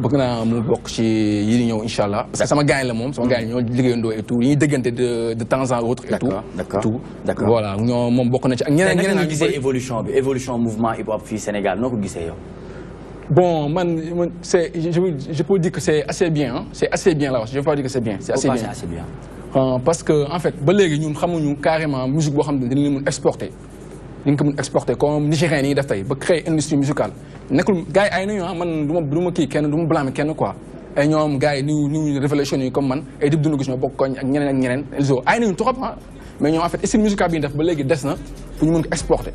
bëgg naa mu bokk ci yi di Inshallah sama gars la mom, sama gars yi ñoo et tout yi de de temps en autre. et tout d'accord voilà ñoo moom bokk na ci ak ñeneen ñeneen ñi gisee évolution bi évolution mouvement hip hop fii Sénégal noo ko yo. Bon, man, c'est, je, peux dire que c'est assez bien. Hein. C'est assez bien là. Je ne veux pas dire que c'est bien. C'est assez, bien. Euh, parce que, en fait, nous avons carrément la musique nous exporter. Nous exporter comme Nigériens, nous créer une industrie musicale nekul gaay ay nañu ah man duma duma ki ma kii kenn du ma kenn quoi ay ñom gaay yi niw révélation yi comme man ay dib dund gis ñoo bokk ak ñeneen ak ñeneen zo ay nañu trop ah mais ñom en fait style musical bi ñu def ba légui des na pour ñu mën exporter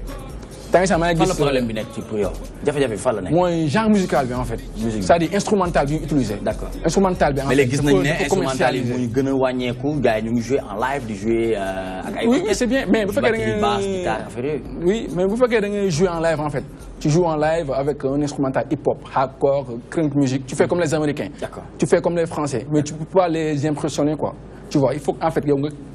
tàngi sax maa gis problème euh,
bi nek ci pour yow jafe-jafe fa la nek
moy genre musical bi en fait c'est-à-dire instrumental bi ñu utilisé d'accord instrumental bi mais léegi gis nañ né instrumental yi
moy gëna a wàññeeku gars ñu ngi joué en live di joué euh, ak ay oui
c'est bien mais bu fekkee da ngay oui mais bu fekkee da ngay jouer en live en fait tu joues en live avec un instrumental hip-hop, hardcore, crunk music, tu fais comme les Américains, tu fais comme les Français, mais tu ne peux pas les impressionner quoi. Tu vois, il faut en fait que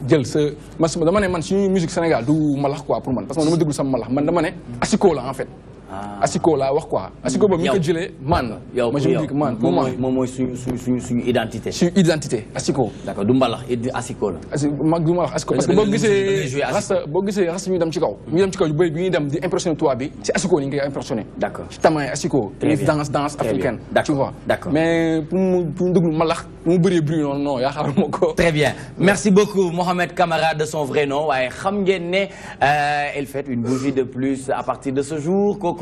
je ce... Moi, si su ma musique Sénégal du malax quoi pour moi. parce que je dama déglu ça malax man dama ne asiko là en fait. Ah. asiko la wax quoi. asiko boobu mi ngi ko jëlee man. yow pour yow man pour moi moom mooy suñu suñu suñu identité. suñu identité asiko. d'accord du mbalax asiko la. asiko mag du mbalax asiko parce que bo gisee. rasta bo gisee rasta ñu dem ci kaw. ñu dem ci kaw bu bëri bi ñuy dem di impressionner toi bi ci asiko ni ñu impressionner impressionné. d'accord tamay asiko. les bien danse danse africaine. tu vois D'accord mais pour mu pour mu déglu mbalax mu non ya moo
très bien merci beaucoup Mohamed Camara de son vrai nom waye xam ngeen ne euh, il fait une bougie de plus à partir de ce jour kooku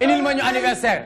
Inil ma ñu anniversaire.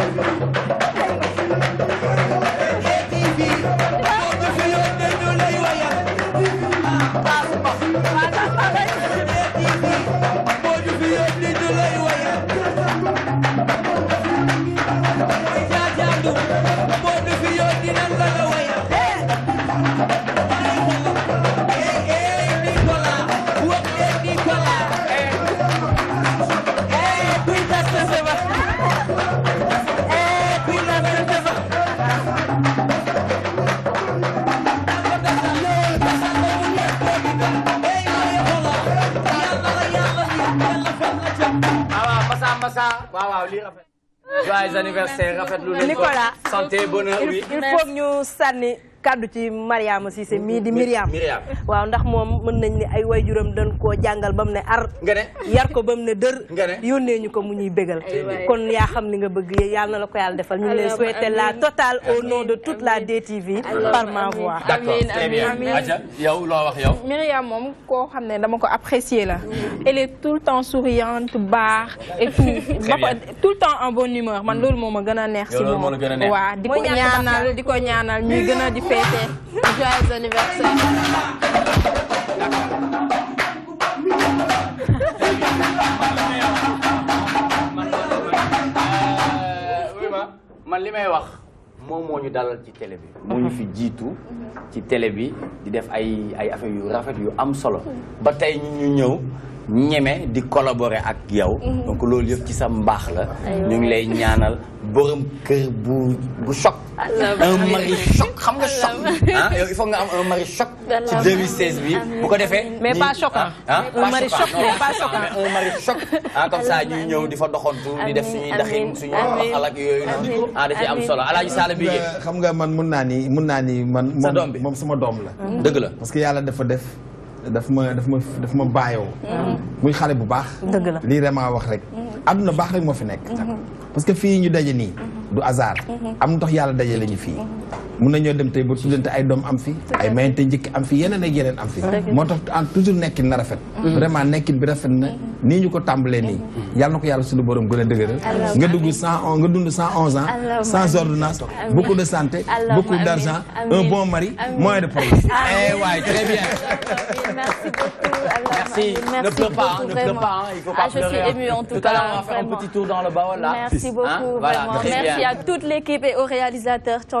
Amen. anniversaire rafetlu leen ko santé
bonheur oui il faut
nous sànni kàddu ci Mariama Cissé mii di Miriam waaw ndax mom meun nañ ni ay wayjuram dañ ko jangal bam ne ar nga ne yar ko bam ne deur nga ñu ko mu ñuy bégal kon ya xam ni nga bëgg yaal na la ko yaal
defal ñu lay souhaiter la totale au nom de toute la DTV par ma voix
amin
amin
bien Adja
yow lo wax yow
Miriam mom ko xam dama ko apprécier la mm. elle est tout le temps souriante baax et tout ba tout le temps en bonne humeur man lool moma gëna neex ci mom waaw di ko ñaanal di ko ñaanal ñuy gëna a fêter. Joyeux anniversaire.
man li may wax moom moo ñu dalal ci télé bi. moo ñu fi jiitu ci télé bi di def ay ay affaire yu rafet yu am solo. ba tey ñu ñëw. ñeme di collaborer ak yow. Mhm. donc loolu yëpp ci sa mbaax la. ñu ngi lay ñaanal borom kër bu bu choc. mari choc
xam nga choc.
ah am un mari
ci
bi bu ko defee. mais pas choquant ah un mari ah. mais pas choquant un mari ah, ñëw di fa doxantu di def suñuy ah, solo alaaji Sall bi
xam nga man mun naa ni mun naa ni man. sa doom bi moom sama doom la. Mhm. dëgg la parce que yàlla dafa def. daf ma daf ma daf ma bàyyoo. Mm-hmm. muy xale bu baax. lii vraiment wax rek. am mm-hmm. àdduna baax rek moo fi nekk. Mm-hmm. parce que fii ñu daje nii. du hasard. am tax yàlla daje lañu fii. mun nañoo dem tey ba tuddante ay doom am fi ay mayante njëkk am fi yeneen ak yeneen am fi moo tax en toujours nekkin na rafet mm-hmm. Mm-hmm. vraiment nekkin bi rafet na mm-hmm. nii ko tàmbalee nii yàlla na ko suñu borom gën a dëgëral nga dugg cent nga dund cent onze ans sans ordonnance beaucoup de santé beaucoup d'argent un bon mari moins de problèmes. eh waay très bien
merci beaucoup merci ne pleure pas hein, ne pleure pas hein, il faut pas ah, pleurer je suis hein. émue en tout cas tout à l'heure on va faire un petit tour dans le bas là. merci beaucoup vraiment merci à
toute l'équipe et au réalisateur Thion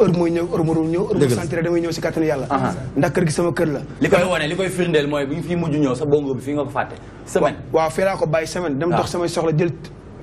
heure mooy ñëw heure marul ñëw heure mu sentir damay ñëw si kàttanu yàlla ndax kër gi sama kër la li koy wane li koy firndeel mooy bi nga fii mujj ñëw sa bongo bi fii nga ko fàtte semaine waaw fii laa ko dox ah. samay soxla jël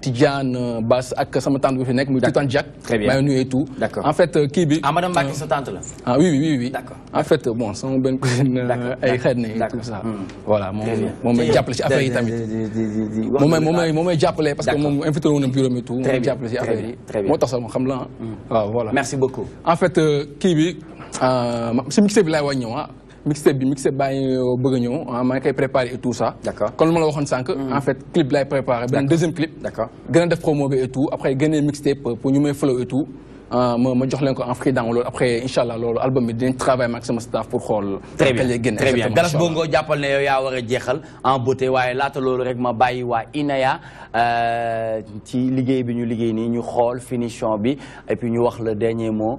Tidiane euh, Bass ak sama tante Jack. très et tout. d'accord en fait euh, Kibik... ah madame euh, sa tante là ah, oui oui oui. d'accord en fait bon cousine. Hmm. et tout ça. voilà parce que invité bureau et tout. ça voilà merci beaucoup. en fait Kibik, c'est mixtape bi mixtape baa euh, a ah, préparé et tout ça. d'accord la hmm. en fait clip est préparé. un deuxième clip. d'accord On promo et tout après le mixtape pour ñu may flow et tout. Ah, après inchallah l'album album travail maximum staff pour bien. très bien très bien Bongo en
beauté ma INAYA euh, et puis ñu wax le dernier mot.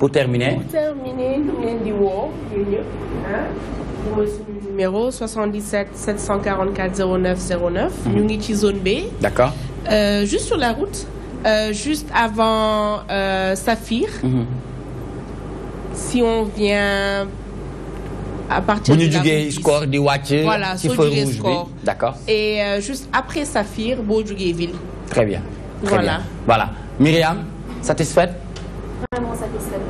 pour terminer.
numéro 77 744 09 09. zone B. d'accord euh, juste sur la route euh, juste avant euh, Saphir. Mhm. si on vient. à partir de score
di voilà c'est jugee score d'accord.
et juste après Saphir beau gayville ville.
très bien. voilà bien. voilà Myriam satisfaite.
vraiment satisfaite.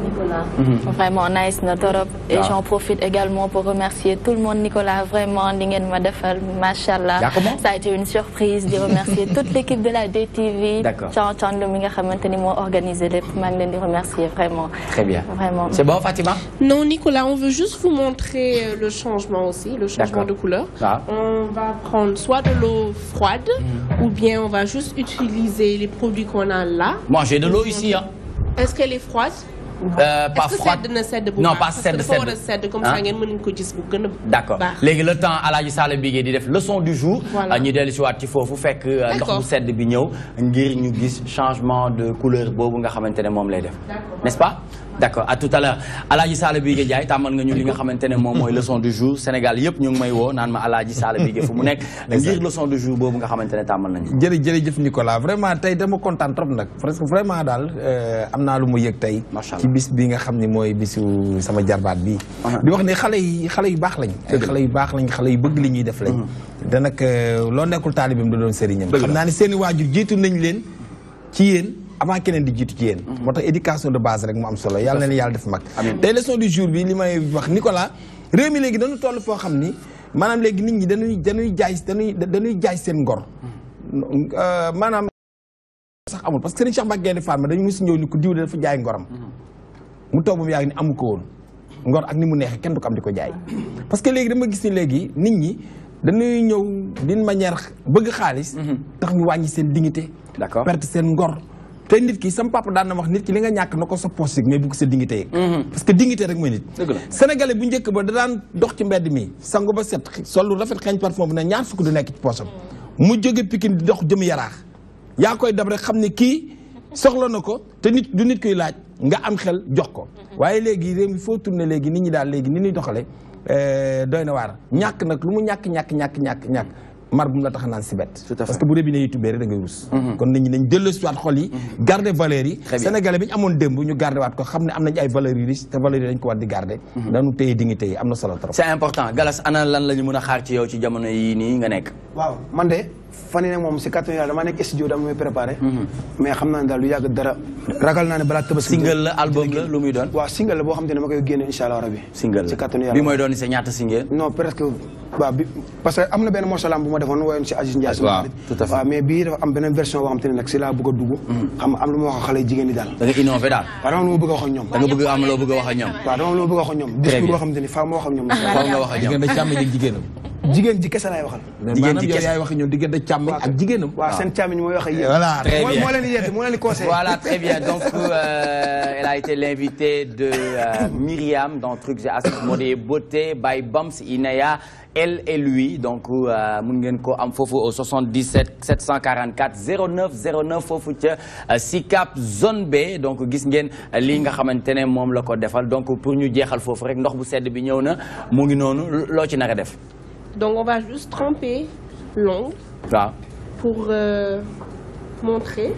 Mhm. Vraiment nice notre Europe. Et ah. j'en profite également pour remercier tout le monde, Nicolas. Vraiment, Ningen Madafal, Machallah. Ça a été une surprise de remercier toute l'équipe de la DTV. D'accord. Chantan Lominga Khamantani m'a organisé les de remercier vraiment.
Très bien. Vraiment. C'est bon, Fatima
Non, Nicolas, on
veut juste vous montrer euh, le changement aussi, le changement de
couleur. Ah.
On va prendre soit de l'eau froide mhm. ou bien on va juste utiliser les produits qu'on a là. Moi, j'ai de l'eau ici. Hein. Est-ce qu'elle est froide
euh, pas froide non pas de sedd comme ça ah. ngeen
mën ko gis bu gën a d'
le temps Alaaji Sall Bigué di def leçon du jour ñu dellu ci wat ci fofu fekk euh, ndox bu sède bi ñew ngir ñu gis changement de couleur bobu nga xamantene mom lay def n'est-ce pas d' accord à tout à l'heure alaaji Saala Bigué nga ñu li nga xamante ne moom mooy leçon du jour Sénégal yëpp ñu ngi may woo naan ma alaaji Saala Bigué fu mu nekk ngir
leçon du jour boobu nga xamante ne tàmmal nañu jërëjëf jërëjëf Nicolas vraiment tey dama kontaan trop nag presque vraiment daal euh, am naa lu mu yëg tey ci bis bi nga xam ne mooy bisu sama jarbaat bi uh-huh. di wax ne xale yi xale yu baax lañ xale yu baax lañ xale yu bëgg li ñuy def lañ danak uh-huh. euh, loo nekkul taalibam da doon sëriñam xam naa ne seen i waajur jiitu nañ leen ci yéen avant keneen di jiitu ci yéen. Mhm. moo tax éducation de base rek mu am solo yàlla na leen yàlla def mag. tey leçon du jour bi li may wax Nicolas réew mi léegi dañu toll foo xam ni maanaam léegi nit ñi dañuy dañuy jaay dañuy dañuy jaay seen ngor. Mhm. Euh, maanaam sax amul parce que Serigne Cheikh Mbacke Gaïndé Fatma dañu mës ñëw ni ko diw dafa jaay ngoram. Mhm. mu toog ba mu ni amu ko woon. ngor ak ni mu neexee kenn du ko am di ko jaay. parce que léegi dama gis ni léegi nit ñi dañuy ñëw d'une manière bëgg xaalis. tax ñu wàññi seen dignité. d'accord perte seen ngor. te nit ki sam papa daan na wax nit ki li nga ñàkk na ko sa poche yëg mais bu ko sa dignité yëg mhm. parce que dignité rek mooy nit sénégalais bu njëkk ba da daan dox ci mbedd mi sangu ba set sol lu rafet xeeñ parfum bu ne ñaar fukk du nekk ci mu jóge Pikine dox jëm yaraax yaa koy dab rek xam ne kii soxla na ko te nit du nit koy laaj nga am xel jox ko waaye léegi réew mi foo tourné léegi nit ñi daal léegi ni ñuy doxale euh, doy na waar ñàkk nag lu mu ñàkk ñàkk ñàkk ñàkk ñàkk mar bu mu la tax naan parce que bu robinet yi tubbee rek da ngay mhm. kon nañ dellu waat xol yi mhm. garder valeurs yi sénégalais amoon démb ñu garder waat ko xam ne am nañ ay valeurs yu te valeurs dañ ko war di garder mhm. dañu téye di ngi am na solo trop
c'est important Galas ana lan la ñu a xaar ci yow ci jamono yi nii nga nekk
waaw man de fan yi nag moom si kàttan yàlla damaa nekk studio dama muy préparé. Mhm. mais xam naa ne daal lu yàgg dara. ragal naa ne balaa tabaski. single la album la lu muy doon. waaw single la boo xam te ne ma koy génne incha allah rabi. single la si kàttan yàlla bi mooy doon sa ñaata single. non presque waaw bi parce que am na benn morceau bu ma defoon woyoon si Aziz Ndiaye. waaw tout à fait waaw mais bii dafa am beneen version boo xam te ne nag si laa bëgg a dugg. Mhm. xam am lu ma wax ak xale jigéen ñi daal. da nga innové daal. waaw dama am lu ma bëgg a wax ak ñoom. da nga bëgg am loo bëgg a wax ak ñoom. waaw dama am lu ma bëgg a wax ak ñoom. très bien discours boo xam te ne faaw ma wax ak ñoom. faaw nga wax ak ñoom jigéen da càmm jigéenam jigen ji kese laay waxal. jigéen ji kese waxi wax ñoom diggante cham ak jigéenam. wa sen càmmiñ mooy wax ak yéen. voilà très bien mo leen di mo moo leen di conseillé. voilà très
bien donc euh, elle a été l'invitée de euh, Myriam dans Trucs et Astuces Mode Beauté by Bumps Inaya. elle et lui donc euh, mën ngeen ko am fofu au 77 744 09 09 foofu ca euh, Sicap zone B donc gis ngeen li nga xamantene mom la ko defal donc pour ñu jéxal fofu rek ndox bu sedd bi ñëw na mu ngi noonu lo ci naka def.
Donc on va juste tremper l'ongle euh, pour montrer.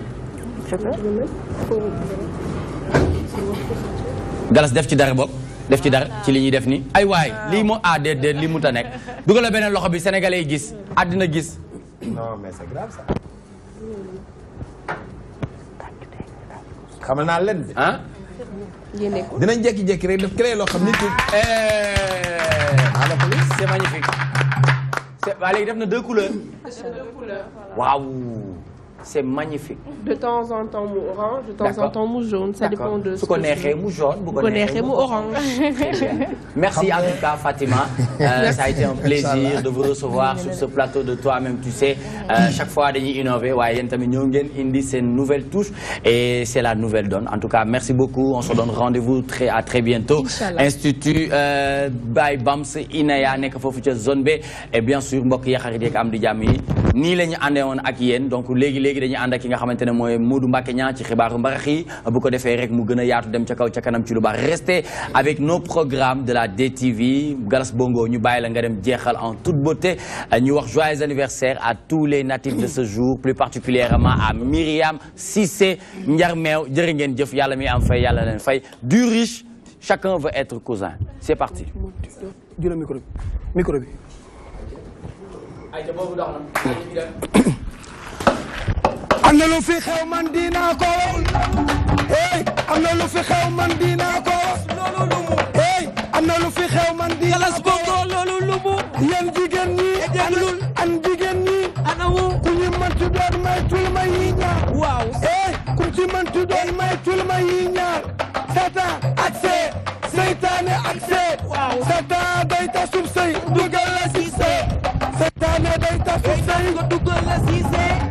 galas def ci dara bok def ci dara ci li def ni ay mu ta la loxo bi sénégalais yi gis adina
non mais c'est grave ça. Comment naa leen hein dinañ jékki-jékki rek def créé loo xam nit ki. Eh. ala ah, police c'est magnifique. c'est waa ah, léegi def na deux couleurs.
c'est magnifique.
De temps en temps, mou orange, de temps en temps,
mou jaune, ça dépend de ce que vous mou jaune, vous connaissez mou orange.
Merci en tout
cas, Fatima. Euh, ça a été un plaisir de vous recevoir sur ce plateau de toi-même, tu sais. Euh, chaque fois, nous innover, indi, c'est une nouvelle touche et c'est la nouvelle donne. En tout cas, merci beaucoup. On se donne rendez-vous très, à très bientôt. Institut euh, Bams Inaya, Nek Zone B et bien sûr, Mbok Yakaridiak Amdi Jami. Ni les gens Akien donc les léegi dañuy ànd ak ki nga xamantene moy Modou Mbacké Niang ci xibaaru mbarax bu ko défé rek mu gëna yaatu dem ci kaw ci kanam ci lu baax restez avec nos programmes de la DTV Galas Bongo ñu bayila nga dem jéxal en toute beauté ñu wax joyeux anniversaire à tous les natifs de ce jour plus particulièrement à Myriam Cissé Njarmeew jërë ngeen jëf yalla mi am fay yalla leen fay du riche chacun veut être cousin c'est parti
jël micro micro bi ay micro na am na lu fi xew may tul may tul sata ak see seytaane ak see
sata day tasub sëy dugal la si see tasub sëy dugal la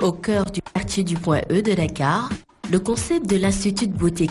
au cœur du quartier du Point E de Dakar, le concept de l'Institut de beauté